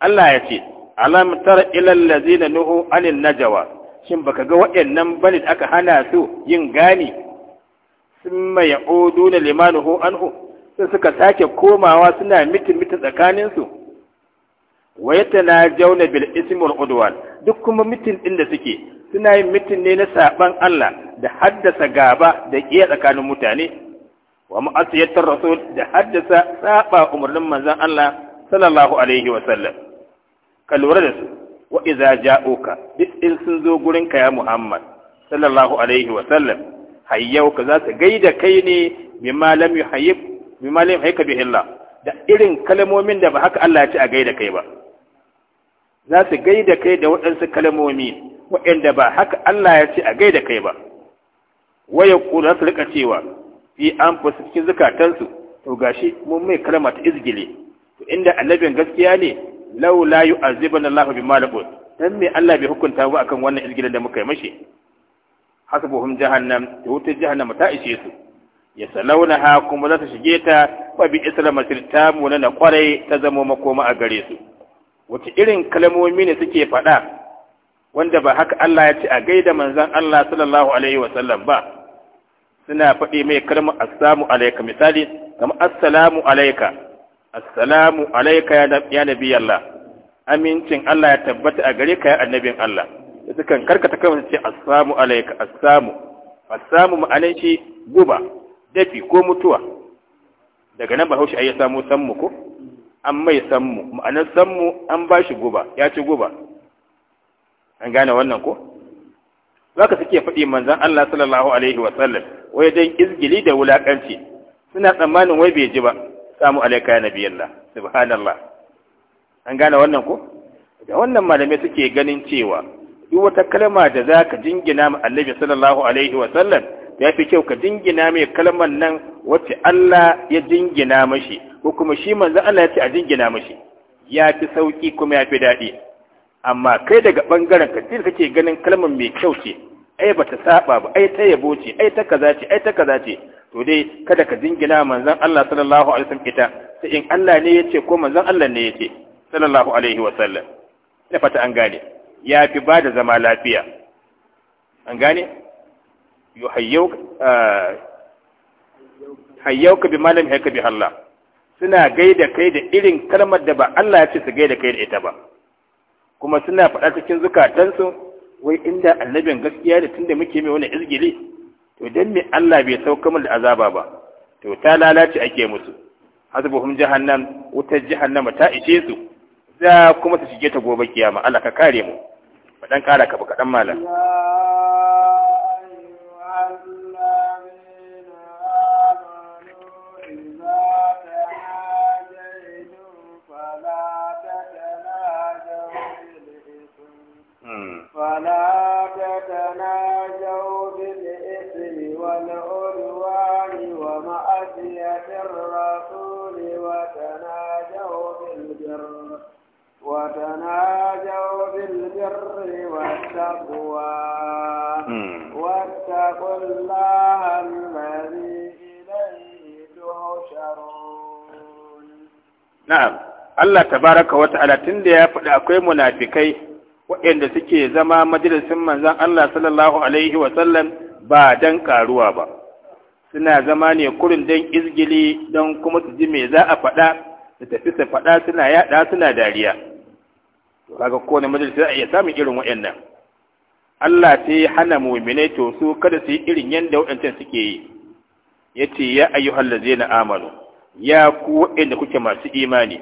Allah ya ce alam tara ila allazina nuhu anin najwa shin baka ga waɗannan bane aka hana su yin gani summa ya'uduna limanuhu anhu sai suka sake komawa suna mitin mitin tsakanin su wa yatanajawna bil ismi wal udwan duk kuma mitin din da suke suna yin mitin ne na saban Allah da haddasa gaba da ƙiya tsakanin mutane wa ma'asiyatar rasul da haddasa saba umarnin manzan Allah sallallahu alaihi wa sallam ka lura da su wa idza ja'uka duk in sun zo gurin ka ya Muhammad sallallahu alaihi wa sallam ka za su gaida kai ne bima lam yuhayyib bima yuhayyika bihi Allah da irin kalmomin da ba haka Allah ya ce a gaida kai ba za su gaida kai da waɗansu kalmomi waɗanda ba haka Allah ya ce a gai da kai ba waya da su rika cewa fi an fasu cikin zukatansu to gashi mun mai kalma ta izgile to inda annabin gaskiya ne law la yu'azibana Allah bima laqul dan me Allah bai hukunta ba akan wannan izgilen da muka yi mashi buhun jahannam to wutar jahannam ta ishe su ya salauna ha kuma za su shige ta ba bi masir ta na kwarai ta zama makoma a gare su wace irin kalmomi ne suke faɗa wanda ba haka Allah ya ce a gaida manzon Allah sallallahu alaihi wasallam ba suna faɗi mai kalmar assalamu alaika misali kamar assalamu alaika assalamu alaika ya nabi Allah amincin Allah ya tabbata a gare ka ya annabin Allah da sukan karkata su ce assalamu alaika assalamu assalamu ma'anar shi guba dafi ko mutuwa daga nan bahaushe ai ya samu sammu ko an mai sammu ma'anar sammu an ba shi guba ya ci guba an gane wannan ko zaka suke faɗi manzon Allah sallallahu alaihi wa sallam wai dan izgili da wulakanci suna tsammanin wai bai ji ba samu alaika ya nabiyallah subhanallah an gane wannan ko da wannan malamai suke ganin cewa duk wata kalma da zaka jingina ma annabi sallallahu alaihi wa sallam ya fi kyau ka jingina mai kalmar nan wacce Allah ya jingina mashi ko kuma shi manzo Allah ya ce a jingina mashi ya fi sauki kuma ya fi daɗi amma kai daga bangaren ka kake ganin kalmar mai kyau ce ai bata saba ba ai ta yabo ce ai ta kaza ce ai ta kaza ce to dai kada ka jingina manzon Allah sallallahu alaihi wasallam ita sai in Allah ne yace ko manzon Allah ne yace sallallahu alaihi wasallam da fata an gane ya fi ba da zama lafiya an gane yuhayyau ah, hayyauka bi malam hayka bi Allah suna gaida kai da irin kalmar da ba Allah ya ce su gaida kai da ita ba kuma suna faɗa cikin zukatansu wai inda annabin gaskiya da tunda muke mai wani izgili to dan me Allah bai sauka mu da azaba ba to ta lalace ake musu hasbuhum jahannam wutar jahannama ta ishe su za kuma su shige ta gobe kiyama Allah ka kare mu dan kara ka ba kadan malam Falata tana jahobin ishiriwa, launawa wa ma'ajiyancin ta Allah ta baraka wata ala tun da ya faɗi akwai munafikai. waɗanda suke zama majalisin manzan Allah sallallahu alaihi wasallam ba don ƙaruwa ba suna zama ne kurin don izgili don kuma su ji me za a faɗa da tafi su faɗa suna yaɗa suna dariya kaga kowane majalisi a iya samun irin waɗannan Allah sai hana muminai to su kada su yi irin yadda waɗancan suke yi Ya ce ya ayyuhal na amanu ya ku waɗanda kuke masu imani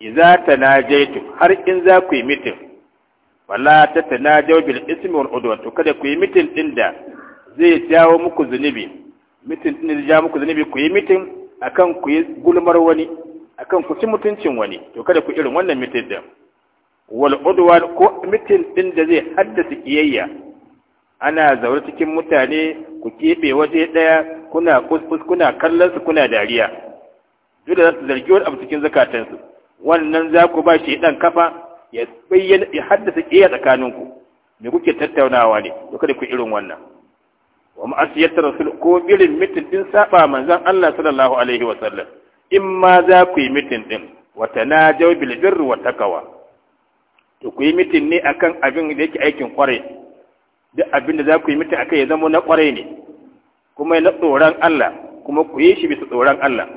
idza tanajaytum har in za ku yi mitin wala ta tanajaw bil ismi wal udwan to kada ku yi mitin din da zai jawo muku zunubi mitin din da zai jawo muku zunubi ku yi mitin akan ku yi gulmar wani akan ku ci mutuncin wani to kada ku irin wannan mitin din wal udwa ko mitin din da zai haddasa kiyayya ana zaure cikin mutane ku keɓe waje ɗaya kuna kuskus kuna kallon su kuna dariya duk da za su zargi wani abu cikin zakatansu wannan za ku ba shi ɗan kafa ya bayyana ya haddasa kiyaye tsakaninku me kuke tattaunawa ne to kada ku irin wannan wa ma'asiyat rasul ko irin mitin din saba manzon Allah sallallahu alaihi wa sallam in ma za ku yi mitin din wa tanajaw bil birr wa taqwa to ku yi mitin ne akan abin da yake aikin kwarai duk abin da za ku yi mitin akai ya zama na kwarai ne kuma na tsoron Allah kuma ku yi shi bisa tsoron Allah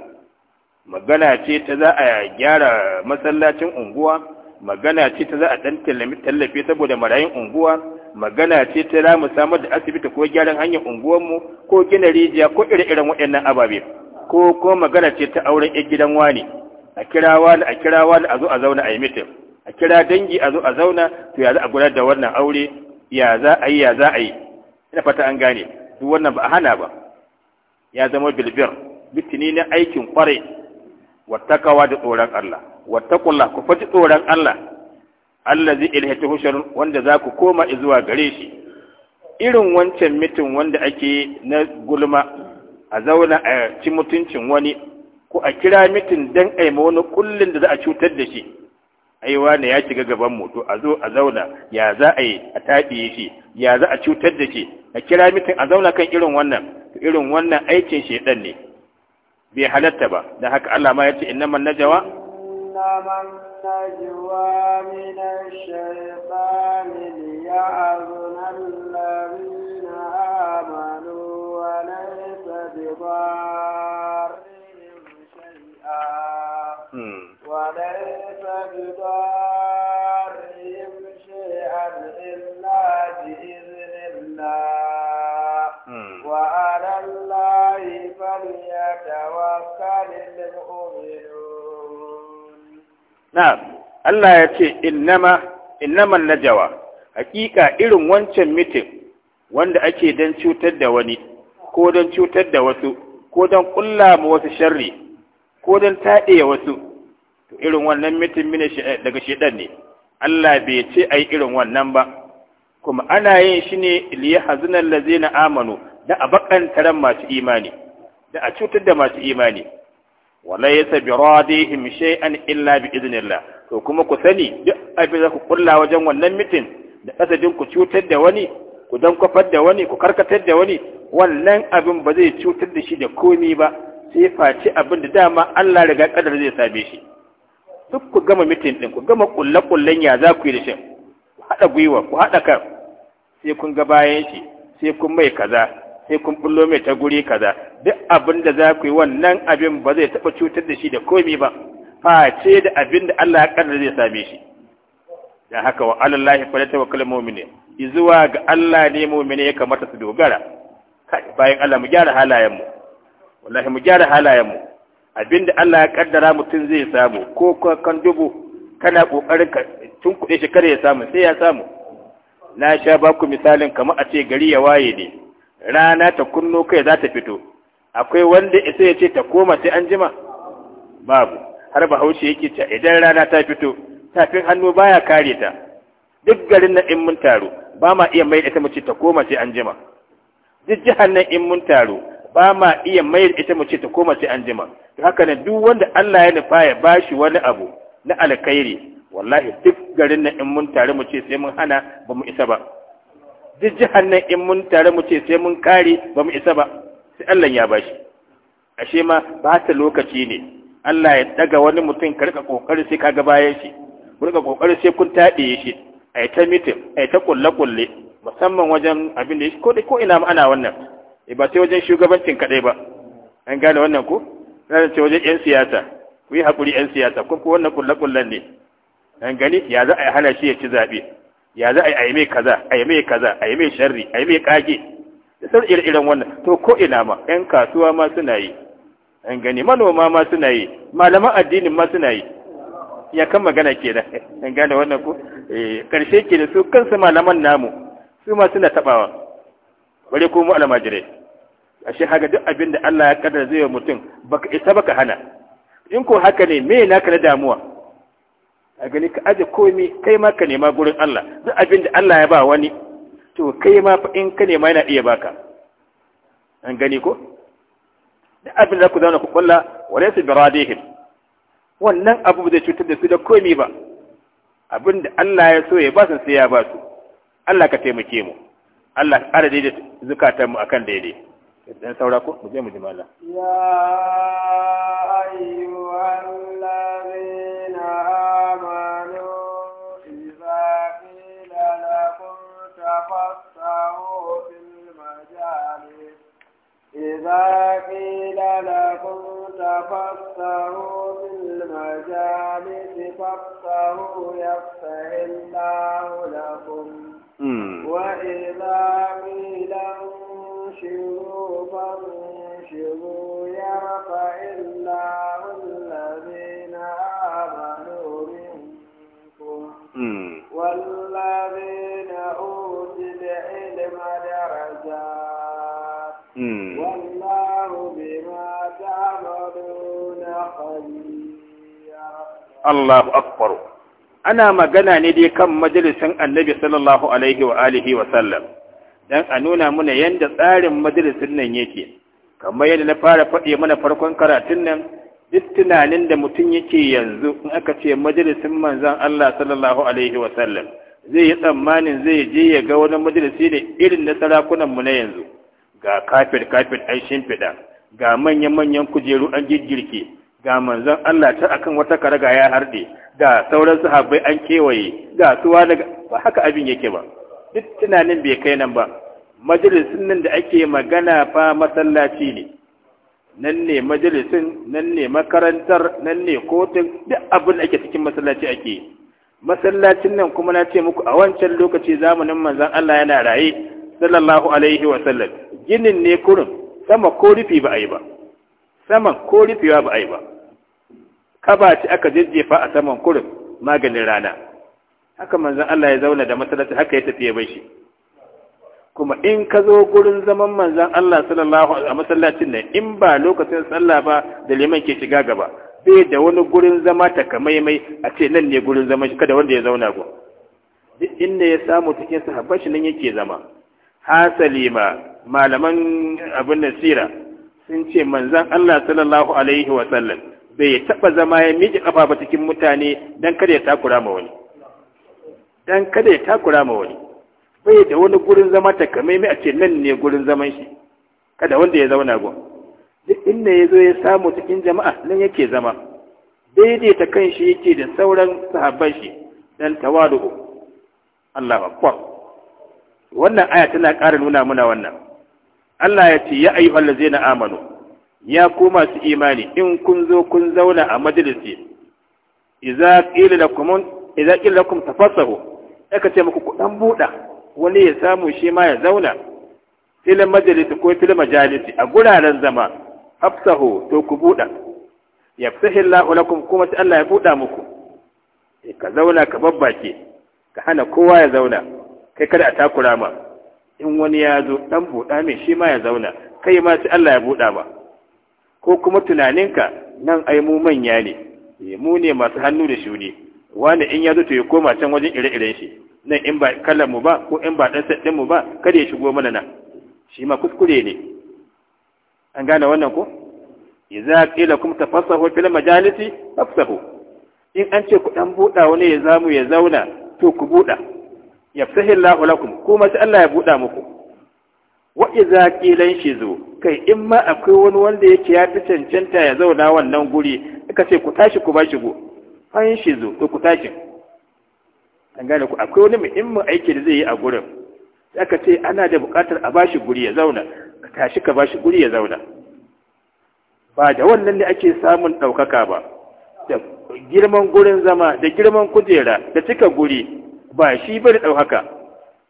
magana ce ta za a gyara masallacin unguwa magana ce ta za a ɗan tallafe saboda marayun unguwa magana ce ta za mu samar da asibiti ko gyaran hanyar unguwanmu ko gina rijiya ko ire-iren waɗannan ababe ko ko magana ce ta auren yan gidan wani a kira wani a kira wani a zo a zauna a yi mitin a kira dangi a zo a zauna to ya za a gudanar da wannan aure ya za a yi ya za a yi ina fata an gane duk wannan ba a hana ba ya zama bilbir bitini na aikin kwarai wattakawa da tsoron Allah wattakullah ku faji tsoron Allah allazi ilhatuhu hushar wanda za ku koma zuwa gare shi irin wancan mitin wanda ake na gulma a zauna a ci mutuncin wani ko a kira mitin dan aima wani kullun da za a cutar da shi aiwa ne ya shiga gaban mu to a zo a zauna ya za a yi a taɗiye shi ya za a cutar da shi a kira mitin a zauna kan irin wannan irin wannan aikin shedan ne bai halatta ba da haka Allah ma ya ce innaman najwa innaman najwa min ash-shaytani liya'zuna alladhina amanu wa laysa bidarrihim shay'a wa laysa bidarrihim shay'an illa bi idhnillah Hmm. وعلى الله فليتوكل المؤمنون نعم الله يتي إنما إنما النجوى حقيقة إلو وانشن ميتين wanda ake don cutar da wani ko don cutar da wasu ko don kulla ma wasu sharri ko don taɗe wasu to irin wannan mitin eh, daga shaidan ne Allah bai ce ai irin wannan ba kuma ana yin shi ne liya hazunan na amanu da a bakan taron masu imani da a cutar da masu imani wala ya sabi radihim an illa bi Allah. to kuma ku sani duk abin da ku kulla wajen wannan mitin da kasadin ku cutar da wani ku don kwafar da wani ku karkatar da wani wannan abin ba zai cutar da shi da komi ba sai face abin da dama Allah riga kadar zai same shi duk ku gama mitin din ku gama kulle kullen ya za ku yi da shi ku haɗa gwiwa ku haɗa kan sai kun ga bayan shi sai kun mai kaza sai kun bullo mai ta guri kaza duk abin da za ku yi wannan abin ba zai taɓa cutar da shi da komi ba face da abin da Allah ya kaddara zai same shi dan haka wa alallahi fa tawakkal mumine zuwa ga Allah ne mumine ya kamata su dogara kai bayan Allah mu gyara halayen mu wallahi mu gyara halayen mu abinda Allah ya kaddara mutum zai samu ko kan dubu kana kokarin ka kuɗe shi kada ya samu sai ya samu na sha baku misalin kamar a ce gari ya waye ne rana ta kunno kai za ta fito akwai wanda isa ya ce ta koma sai an jima babu har bahaushe yake ce idan rana ta fito tafin hannu baya kare ta duk garin nan in mun taro ba ma iya mai ita mu ce ta koma sai an jima duk jihar nan in mun taro ba ma iya mai ita mu ce ta koma sai an jima haka ne duk wanda Allah ya nufa ya bashi wani abu na alkhairi wallahi duk garin nan in mun tare mu ce sai mun hana ba mu isa ba duk jihar nan in mun tare mu ce sai mun kare ba mu isa ba sai Allah ya bashi ashe ma ba ta lokaci ne Allah ya daga wani mutum ka rika kokari sai kaga bayan shi ku rika kokari sai kun taɗe shi yi ta mitin yi ta kulle kulle musamman wajen abin da ko ko ina ma ana wannan eh ba sai wajen shugabancin kadai ba an gane wannan ko sai wajen yan siyasa ku yi hakuri yan siyasa kun ku wannan kulle kullen ne an gani ya za a hana shi ya ci zaɓe ya za a yi mai kaza a yi mai kaza a yi mai sharri a yi mai kage da san irin wannan to ko ina ma Ƴan kasuwa ma suna yi an gani manoma ma suna yi malaman addinin ma suna yi ya kan magana ke da an gane wannan ko karshe eh, ke da su kansu malaman namu su ma suna tabawa bare ko mu almajirai ashe haka duk abin da Allah ya kaddara zai wa mutum baka isa baka hana in ko haka ne me naka na damuwa a gani ka aje komi kai ma ka nema gurin Allah duk abin da Allah ya ba wani to kai ma fa in ka nema yana iya baka an gani ko duk abin da ku zauna ku kulla walaysa biradihim wannan abu bai cutar da su da komi ba abin da Allah ya so ya ba su sai ya ba su Allah ka taimake mu Allah ka ƙara daidai zukatan mu akan daidai dan saura ko mu je mu ji mallam ya ayyu فصه في المجالس إذا قيل لكم تفسروا في المجالس فافسروا يفسح الله Allahu akbar ana magana ne dai kan majalisin annabi sallallahu alaihi wa alihi wa sallam dan a nuna muna yanda tsarin majalisin nan yake kamar yadda na fara faɗi mana farkon karatun nan duk tunanin da mutum yake yanzu in aka ce majalisin manzon Allah sallallahu alaihi wa sallam zai yi tsammanin zai je ya ga wani majalisi da irin na sarakunan mu na yanzu ga kafir kafir an shimfiɗa ga manya-manyan kujeru an girgirke ga manzon Allah ta akan wata karaga ya harde ga sauran sahabbai an kewaye ga tuwa daga ba haka abin yake ba duk tunanin bai kai nan ba majalisin nan da ake magana fa masallaci ne nan ne majalisin nan ne makarantar nan ne kotun duk abin da ake cikin masallaci ake masallacin nan kuma na ce muku a wancan lokaci zamanin manzon Allah yana raye sallallahu alaihi wa sallam ginin ne kurin sama ko rufi ba a ba sama ko rufewa ba a yi ba kaba ce aka jajjefa a saman kurin maganin rana haka manzon Allah ya zauna da masallaci haka ya tafi ya shi kuma in ka zo gurin zaman manzon Allah sallallahu alaihi a masallacin nan in ba lokacin sallah ba da liman ke shiga gaba bai da wani gurin zama takamaimai a ce nan ne gurin zaman shi kada wanda ya zauna go duk inda ya samu cikin sahabban shi nan yake zama hasali ma malaman abin nasira sun ce manzon Allah sallallahu alaihi wa sallam bai taɓa zama ya miƙe ƙafa ba cikin mutane don kada ya takura ma wani don kada ya takura ma wani bai da wani gurin zama mai a ce nan ne gurin zaman shi kada wanda ya zauna gun duk inda ya zo ya samu cikin jama'a nan yake zama daidaita kan shi yake da sauran sahabban shi don tawadu'u Allah akbar wannan aya tana ƙara nuna muna wannan Allah ya ce ya ayyuhallazina amanu ya ku masu imani in kun zo kun zauna a majalisi idza qila lakum idza qila lakum tafassahu aka ce muku ku dan buda wani ya samu shi ma ya zauna Filin majalisi ko filin majalisi a guraren zama afsahu to ku buda fi Allahu lakum kuma sai Allah ya buda muku ka zauna ka babbake ka hana kowa ya zauna kai kada a takura ma in wani ya zo dan buda mai shi ma ya zauna kai ma sai Allah ya buda ba. ko kuma tunaninka nan ai mu manya ne eh, mu ne masu hannu da shuni wani in ya zo to ya koma can wajen ire-iren shi nan in ba kallon mu ba ko in ba dan sadin mu ba kada ya shigo mana nan shi ma kuskure ne an gane wannan ko idza qila kum tafassahu fil majalisi fafsahu in an ce ku dan buda wani ya zamu ya zauna to ku buda yafsahillahu lakum kuma sai Allah ya buda muku wa iza shi zo? kai in ma akwai wani wanda yake ya fi cancanta ya zauna wannan guri aka ce ku tashi ku bashi go an zo, to ku tashi an gane ku akwai wani muhimmin aiki da zai yi a gurin aka ce ana da buƙatar a bashi guri ya zauna ka tashi ka bashi guri ya zauna ba da wannan ne ake samun ɗaukaka ba da girman gurin zama da girman kujera da cika guri ba shi bane ɗaukaka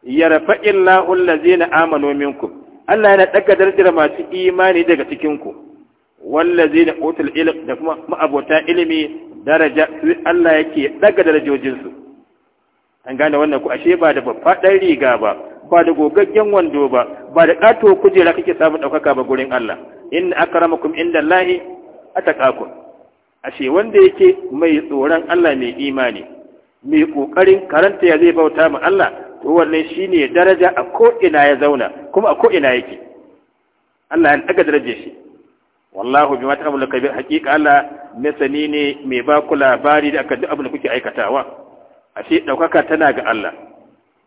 yarfa'illahu allazina amanu minkum Allah yana daga darajar masu imani daga cikin ku wallazina utul ilm da kuma ma'abota ilimi daraja Allah yake daga darajojin su an gane wannan ku ashe ba da dan riga ba ba da gogaggen wando ba ba da kato kujera kake samun ɗaukaka ba gurin Allah in akramakum inda Allahi ataqakum ashe wanda yake mai tsoron Allah mai imani mai kokarin karanta ya zai bauta ma Allah wannan shine daraja a ko'ina ya zauna kuma a ko'ina yake Allah ya daga daraja shi wallahu bima ta'malu kabir hakika Allah masani ne mai ba ku labari da aka duk abin da kuke aikatawa ashe ɗaukaka tana ga Allah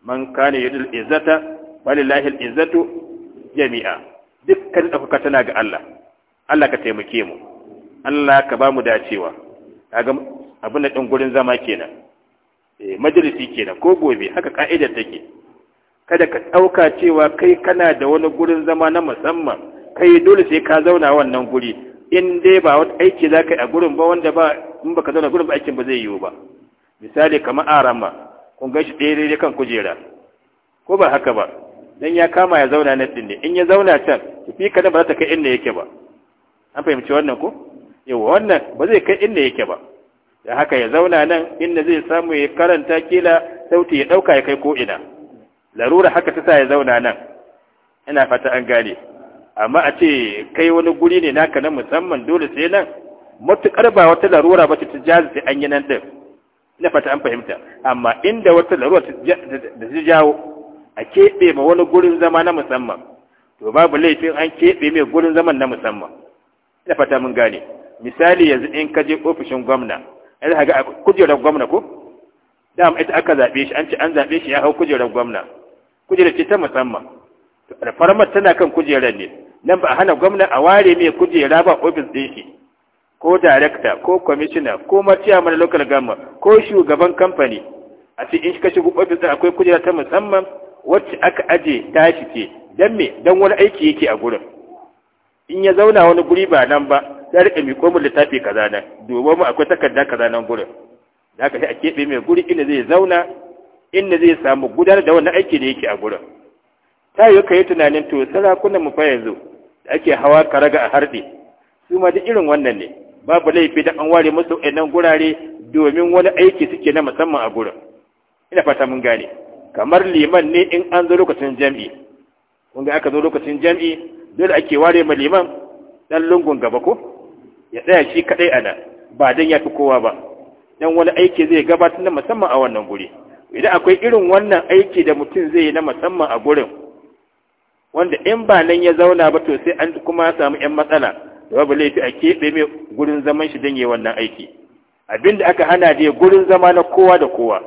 man kane yudil izzata wani lahil izzatu jami'a dukkan ɗaukaka tana ga Allah Allah ka taimake mu Allah ka ba mu dacewa kaga abin da ɗin gurin zama kenan Eh, majalisi kenan ko gobe haka ka'idar take kada ka ɗauka cewa kai kana da wani gurin zama na musamman kai dole sai ka zauna wannan guri in dai ba wata aiki za ka yi a gurin ba wanda ba in ba ka zauna gurin ba aikin ba zai yiwu ba misali kamar arama kun gashi ɗaya daidai kan kujera ko ba haka ba dan ya kama ya zauna na din ne in ya zauna can fi ka ba za ta kai inda yake ba an fahimci wannan ko yawa wannan ba zai kai inda yake ba da haka ya zauna nan inda zai samu ya karanta kila sauti ya ɗauka ya kai ko'ina larura haka ta sa ya zauna nan ina fata an gane amma a ce kai wani guri ne naka na musamman dole sai nan matuƙar ba wata larura ba ta jazi sai an yi nan ɗin ina fata an fahimta amma inda wata larura da ta jawo a keɓe ma wani gurin zama na musamman to babu laifin an keɓe mai gurin zaman na musamman ina fata mun gane misali yanzu in ka je ofishin gwamna yanzu ga kujerar gwamna ko dama ita aka zaɓe shi an ce an zaɓe shi ya hau kujerar gwamna kujerar ce ta musamman farmar tana kan kujerar ne nan ba a hana gwamna a ware mai kujera ba ofis ɗin shi ko darekta ko kwamishina ko mana local gama, ko shugaban kamfani a ce in ka shigo ofis ɗin akwai kujera ta musamman wacce aka aje tashi ce dan me don wani aiki yake a gurin in ya zauna wani guri ba nan ba ya rika mi komun littafi kaza nan domin mu akwai takarda kaza nan gurin da ka sai a keɓe mai guri inda zai zauna inda zai samu gudanar da wannan aiki da yake a gurin ta yi yi tunanin to sarakunan mu fa yanzu da ake hawa karaga a harɗe su ma duk irin wannan ne babu laifi da an ware musu nan gurare domin wani aiki suke na musamman a gurin ina fata mun gane kamar liman ne in an zo lokacin jam'i kun ga aka zo lokacin jam'i dole ake ware ma liman dan lungun gaba ko ya tsaya shi kaɗai a nan ba don ya fi kowa ba don wani aiki zai gabatar na musamman a wannan guri idan akwai irin wannan aiki da mutum zai yi na musamman a gurin wanda in ba nan ya zauna ba to sai an kuma samu 'yan matsala da babu laifi a keɓe mai gurin zaman shi don yi wannan aiki abin da aka hana dai gurin zama na kowa da kowa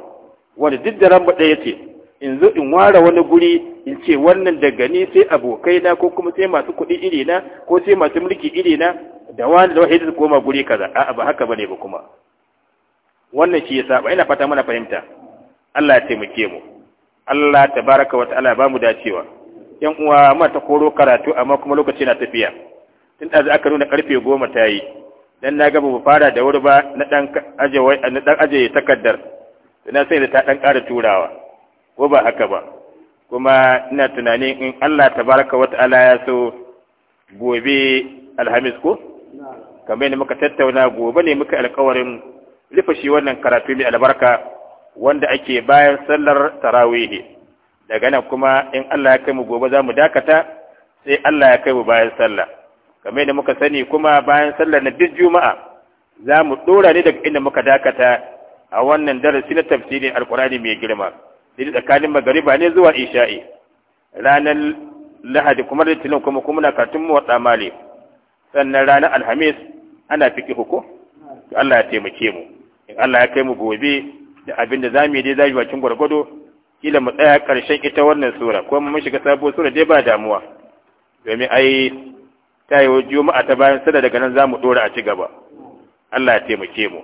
wanda duk da ran ɗaya ce in zo in ware wani guri in ce wannan daga ni sai abokaina ko kuma sai masu kuɗi irina ko sai masu mulki iri na. da wani da wahidin su koma guri kaza a'a ba haka bane ba kuma wannan shi ya saba ina fata mana fahimta Allah ya taimake mu Allah tabaraka wa ta'ala ba mu dacewa yan uwa ma ta koro karatu amma kuma lokaci na tafiya tun da aka nuna karfe goma ta yi dan na gaba mu fara da wuri ba na dan aje na dan aje takaddar ina sai da ta dan kara turawa ko ba haka ba kuma ina tunanin in Allah tabaraka wa ta'ala ya so gobe alhamis ko kamar yadda muka tattauna gobe ne muka alkawarin rufe shi wannan karatu mai albarka wanda ake bayan sallar tarawih daga nan kuma in Allah ya kai mu gobe za mu dakata sai Allah ya kai mu bayan sallah kamar yadda muka sani kuma bayan sallar na duk juma'a za mu dora ne daga inda muka dakata a wannan darasi na tafsirin alkurani mai girma sai tsakanin magariba ne zuwa isha'i ranar lahadi kuma litinin kuma kuma na karatun mu wa tsamali sannan ranar alhamis ana fiki huko to Allah ya taimake mu in Allah ya kai mu gobe da abin da zamu yi dai zai bakin gwargwado kila mu tsaya karshen ita wannan sura ko mun shiga sabuwar sura dai ba damuwa domin ai ta yi juma'a ta bayan sada daga nan zamu dora a ci gaba Allah ya taimake mu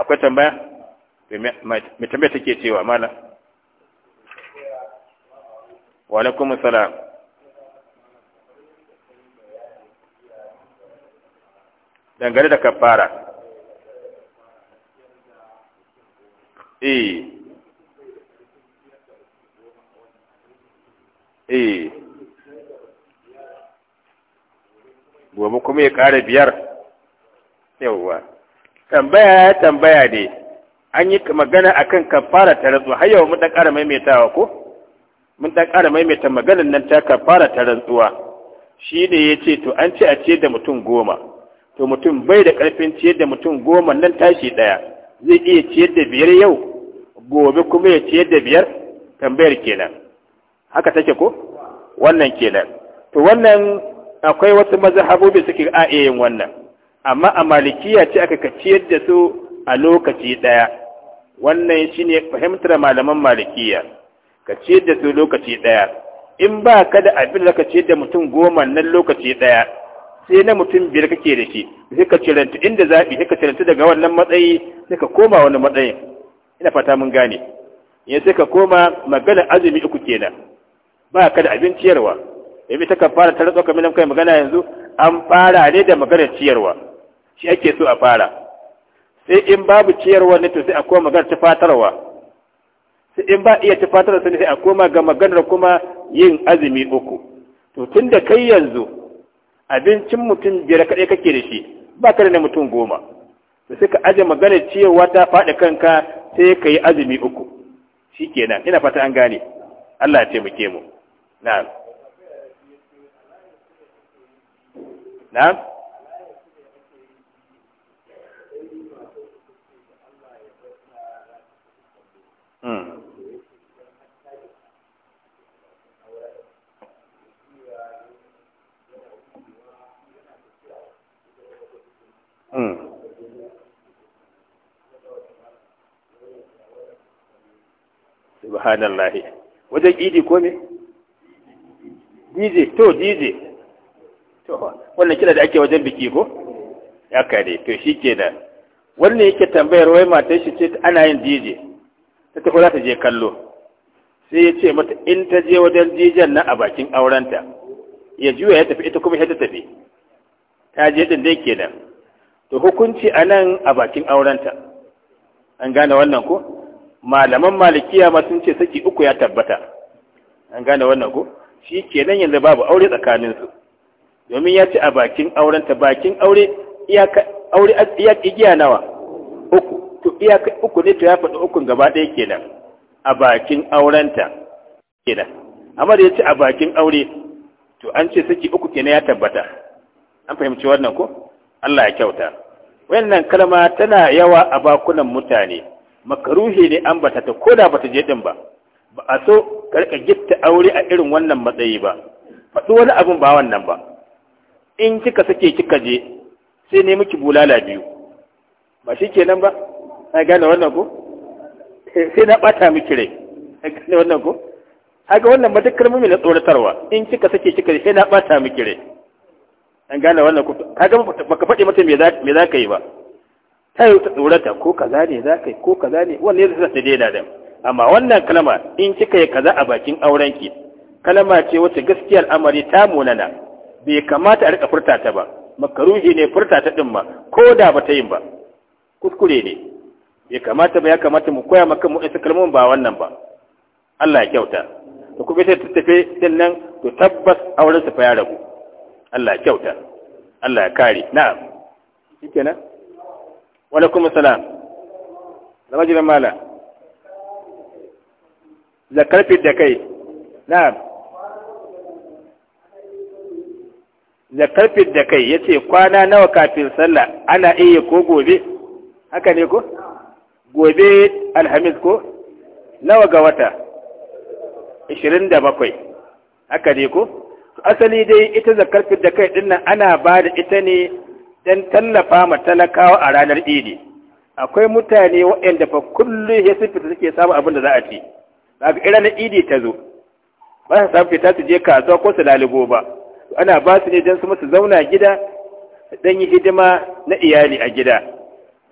akwai tambaya mai tambaya take cewa mana. wa alaikumus dangane da kafara eh eh gobe kuma ya kare biyar yawwa tambaya ya tambaya ne an yi magana akan kafara ta rantsuwa har yau mun ɗan ƙara maimaitawa ko mun dan ƙara maimaita maganar nan ta kafara ta rantsuwa shi ne ya ce to an ce a ce da mutum goma to mutum bai da ƙarfin ciyar da mutum goma nan tashi ɗaya zai iya ciyar da biyar yau gobe kuma ya ciyar da biyar tambayar kenan haka take ko wannan kenan to wannan akwai wasu mazhabobi suke a yin wannan amma a malikiya ce aka ciyar da su a lokaci ɗaya wannan shine fahimtar malaman malikiya ka ciyar da su lokaci ɗaya in ba ka da abin da ka ciyar da mutum goma nan lokaci ɗaya sai na mutum biyar kake da shi sai ka cirenta inda zaɓi sai ka cirenta daga wannan matsayi sai ka koma wani matsayin ina fata mun gane in sai ka koma maganar azumi uku kenan ba ka da abin ciyarwa yabi ta fara ta ratsa kamar kai magana yanzu an fara ne da maganar ciyarwa shi ake so a fara sai in babu ciyarwa ne to sai a koma maganar ta fatarwa. sai in ba iya fatarwa sai a koma ga maganar kuma yin azumi uku to tunda kai yanzu abincin mutum biyar kaɗai kake da shi ba ka da mutum goma da suka aje magana cewa ta faɗi kanka sai ka yi azumi uku shi kenan ina fata an gane Allah ya taimake mu na'am na'am Hmm. subhanallahi wajen idi ko me dj to dj to wannan kira da ake wajen biki ko ya dai to shi ke da wannan yake tambayar wai matar shi ce ana yin dj ta tafi za ta je kallo sai ya ce mata in ta je wajen dijen na a bakin aurenta ya juya ya tafi ita kuma ya tafi ta je din dai kenan to hukunci anan a bakin aurenta an gane wannan ko malaman malikiya ma sun ce saki uku ya tabbata an gane wannan ko shi kenan yanzu babu aure tsakaninsu domin ya ce a bakin aurenta bakin aure iyaka aure igiya nawa uku to iyaka uku ne to ya faɗi ukun gaba ɗaya kenan a bakin aurenta kenan amma da ya ce a bakin aure to an ce saki uku kenan ya tabbata an fahimci wannan ko Allah ya kyauta wannan kalma tana yawa a bakunan mutane makaruhi ne an bata ta koda bata je din ba ba a so karka gitta aure a irin wannan matsayi ba faɗi wani abin ba wannan ba in kika sake kika je sai ne miki bulala biyu ba shi kenan ba na gane wannan ko sai na ɓata miki rai na gane wannan ko haka wannan ba duk kalmomi na tsoratarwa in kika sake kika je sai na ɓata miki rai an gane wannan ko kaga baka faɗi mata me za ka yi ba ta yi ta tsorata ko kaza ne za ka yi ko kaza ne wanne zai ta daina da amma wannan kalama in kika yi kaza a bakin aurenki kalama ce wacce gaskiyar al'amari ta munana bai kamata a rika furta ta ba makaruhi ne furta ta din ma ko da ba ta yin ba kuskure ne bai kamata ba ya kamata mu koya maka mu isa kalmomin ba wannan ba Allah ya kyauta to kuma sai tattafe sannan to tabbas auren sa fa ya rabu Allah ya kyauta Allah ya kare na'am shikenan wa salam da majalar mala zakar fit da kai na'am zakar da kai yace kwana nawa kafin sallah ana iya ko gobe haka ne ko gobe alhamis ko nawa ga wata 27 haka ne ko asali dai ita zakar fit da kai dinnan ana ba da ita ne don tallafa ma talakawa a ranar idi akwai mutane waɗanda fa kullum ya sun fita suke samun abin da za a ci daga irin ranar idi ta zo ba su samu fita su je kasuwa ko su lalubo ba ana ba su ne don su musu zauna gida don yi hidima na iyali a gida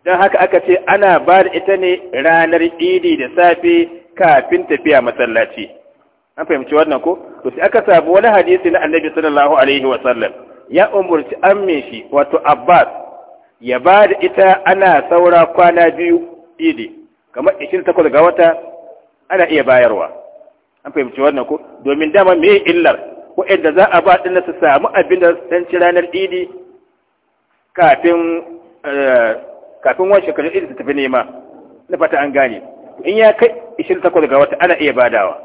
don haka aka ce ana ba da ita ne ranar idi da safe kafin tafiya masallaci an fahimci wannan ko to sai aka sabu wani hadisi na annabi sallallahu alaihi wa ya umurci ammin shi wato Abbas ya ba da ita ana saura kwana biyu idi kamar 28 ga wata ana iya bayarwa an fahimci wannan ko domin dama me illar ko inda za a ba ɗin su samu abin da san ci ranar idi kafin eh, kafin wani shekarun idi su tafi nema na fata an gane in ya kai 28 ga wata ana iya badawa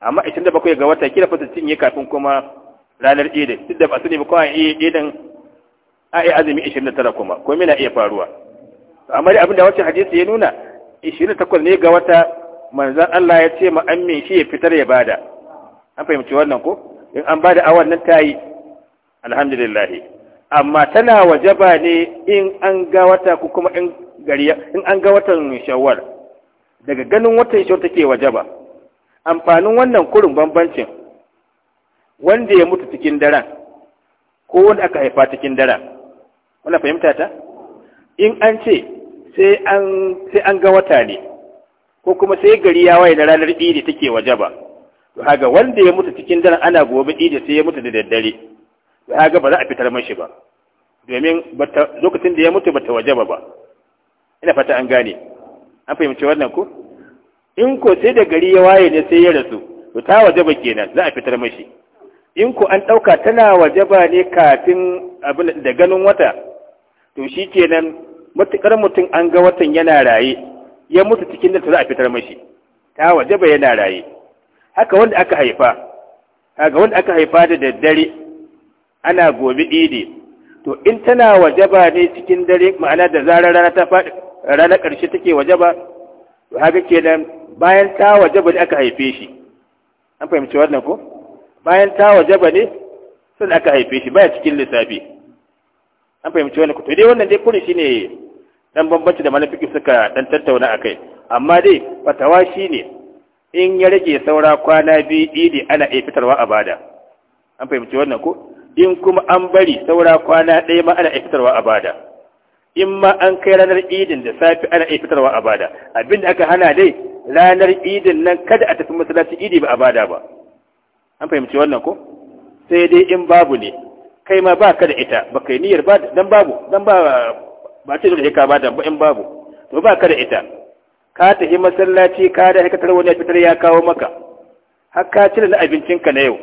amma 27 ga wata kila fata cinye kafin kuma ranar idin duk da ba su ne an iya idin a yi azumi 29 kuma ko mina iya faruwa amma dai abinda wancan hadisi ya nuna 28 ne ga wata manzan Allah ya ce ma amin shi ya fitar ya bada an fahimci wannan ko in an bada awan nan ta yi alhamdulillah amma tana wajaba ne in an ga wata ku kuma in gari in an ga watan shawwal daga ganin watan shawwal take wajaba amfanin wannan kurin bambancin wanda ya mutu cikin daren ko wanda aka haifa cikin daren wanda fahimta ta in an ce sai an sai an ga wata ne ko kuma sai gari ya waye da ranar idi take ba. to kaga wanda ya mutu cikin daren ana gobe idi sai ya mutu da daddare to kaga ba za a fitar mashi ba domin lokacin da ya mutu bata waje ba ina fata an gane an fahimci wannan ko in ko sai da gari ya waye ne sai ya rasu to ta waje ba kenan za a fitar mashi in ku an ɗauka tana wajaba ne kafin abin da ganin wata to shi kenan matuƙar mutum an ga watan yana raye ya mutu cikin da za a fitar mashi ta wajaba yana raye haka wanda aka haifa haka wanda aka haifa da daddare ana gobe idi to in tana wajaba ne cikin dare ma'ana da zarar rana ta faɗi rana ƙarshe take wajaba to haka kenan bayan ta wajaba ne aka haife shi an fahimci wannan ko bayan ta wajaba ne sun aka haife shi baya cikin lissafi an fahimci wani kuto dai wannan dai kuri shine dan bambanci da malafiki suka dan tattauna akai amma dai fatawa shine in ya rage saura kwana biyu idi ana iya fitarwa a bada an fahimci wannan ko in kuma an bari saura kwana ɗaya ma ana iya fitarwa a bada in ma an kai ranar idin da safi ana iya fitarwa a bada abinda aka hana dai ranar idin nan kada a tafi masallaci idi ba a bada ba an fahimci wannan ko sai dai in babu ne kai ma baka da ita baka yi niyyar ba dan babu dan ba ba ce da ka ba ba in babu to baka da ita ka tafi masallaci ka da haka tarwa ne fitar ya kawo maka har ka cire na ka na yau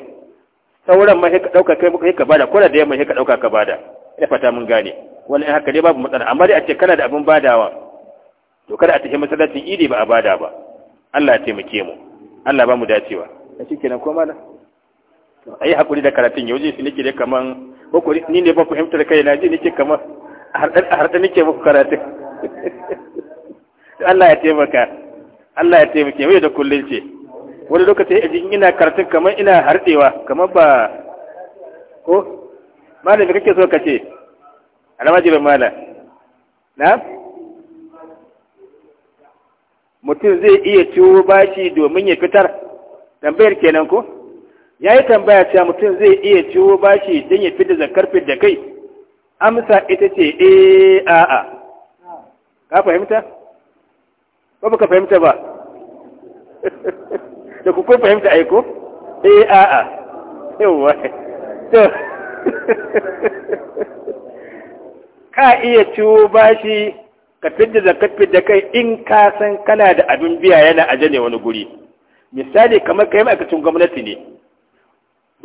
sauran ma haka dauka kai muka ka bada ko da yamma haka dauka ka bada ina fata mun gane wala haka dai babu matsala amma dai a ce kana da abin badawa to kada a tafi masallacin idi ba a bada ba Allah ya taimake mu Allah ba mu dacewa a shi kenan ko malam Ayi hakuri da karatun yau ji nake dai kaman hukuri ni ne ba ku himtar kai na ji nake kaman har da nake muku karatun Allah ya taimaka Allah ya taimake mai da kullun ce wani lokaci a jikin ina karatun kaman ina harɗewa kaman ba ko malami kake so ka ce alamajirin mala na mutum zai iya ciwo bashi domin ya fitar tambayar kenan ko ya yi tambaya cewa mutum zai iya ciwo bashi don ya fita karfe da kai amsa ita ce eh a'a ka fahimta ba baka fahimta ba da ku kun fahimta aiko eh a'a yawa to ka iya ciwo bashi ka da karfe da kai in ka san kana da abin biya yana aje ne wani guri misali kamar kayan ma'aikacin gwamnati ne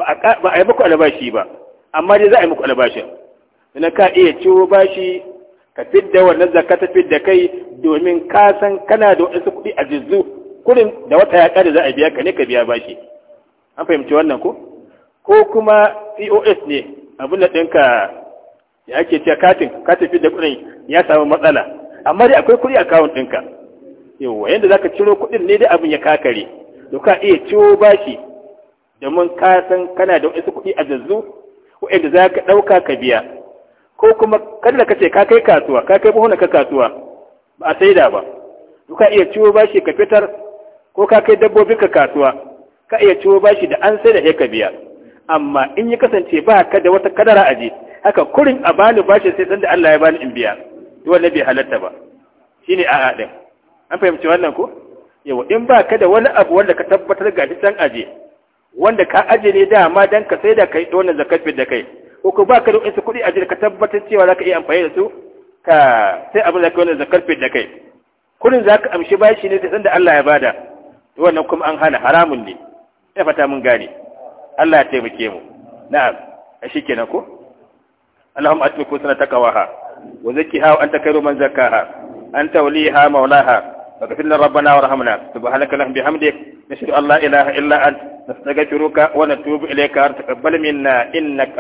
ba a yi muku albashi ba amma dai za a yi muku albashin ina ka iya ciwo bashi ka fi da wannan zaka ta da kai domin ka san kana da wasu kuɗi a jizzu kudin da wata ya kare za a biya ka ne ka biya bashi an fahimci wannan ko ko kuma POS ne abin da ɗinka ya ake cewa katin ka tafi da kuɗin ya samu matsala amma dai akwai kuɗi a kawun ɗinka yawa yadda za ka ciro kuɗin ne dai abin ya kakare to ka iya ciwo bashi domin ka san kana da wasu kuɗi a zazzu wa'anda za ka ɗauka ka biya ko kuma kada ka ce ka kai kasuwa ka kai buhuna ka kasuwa ba a saida ba ka iya ciwo bashi ka fitar ko ka kai dabbobin ka kasuwa ka iya ciwo bashi da an saida sai ka biya amma in ya kasance ba ka da wata kadara aje haka kurin a bani bashi sai sanda Allah ya bani in biya wannan bai halatta ba shine a'a din an fahimci wannan ko yawa in ba ka da wani abu wanda ka tabbatar ga shi can aje wanda ka ajiye ne dama dan ka sai da kai da wannan zakafin da kai ko ba baka da su kuɗi a ka tabbatar cewa zaka iya amfani da su ka sai abin da kai wannan zakarfe da kai za zaka amshi bashi ne da sanda Allah ya bada to wannan kuma an hana haramun ne ya fata mun gane Allah ya taimake mu na'am shikenan ko اللهم أتمك سنة تقواها وزكها anta خير man zakkaha anta waliha maulaha. فاغفر لنا ربنا وارحمنا سبحانك اللهم بحمدك نشهد ان لا اله الا انت نستغفرك ونتوب اليك تقبل منا انك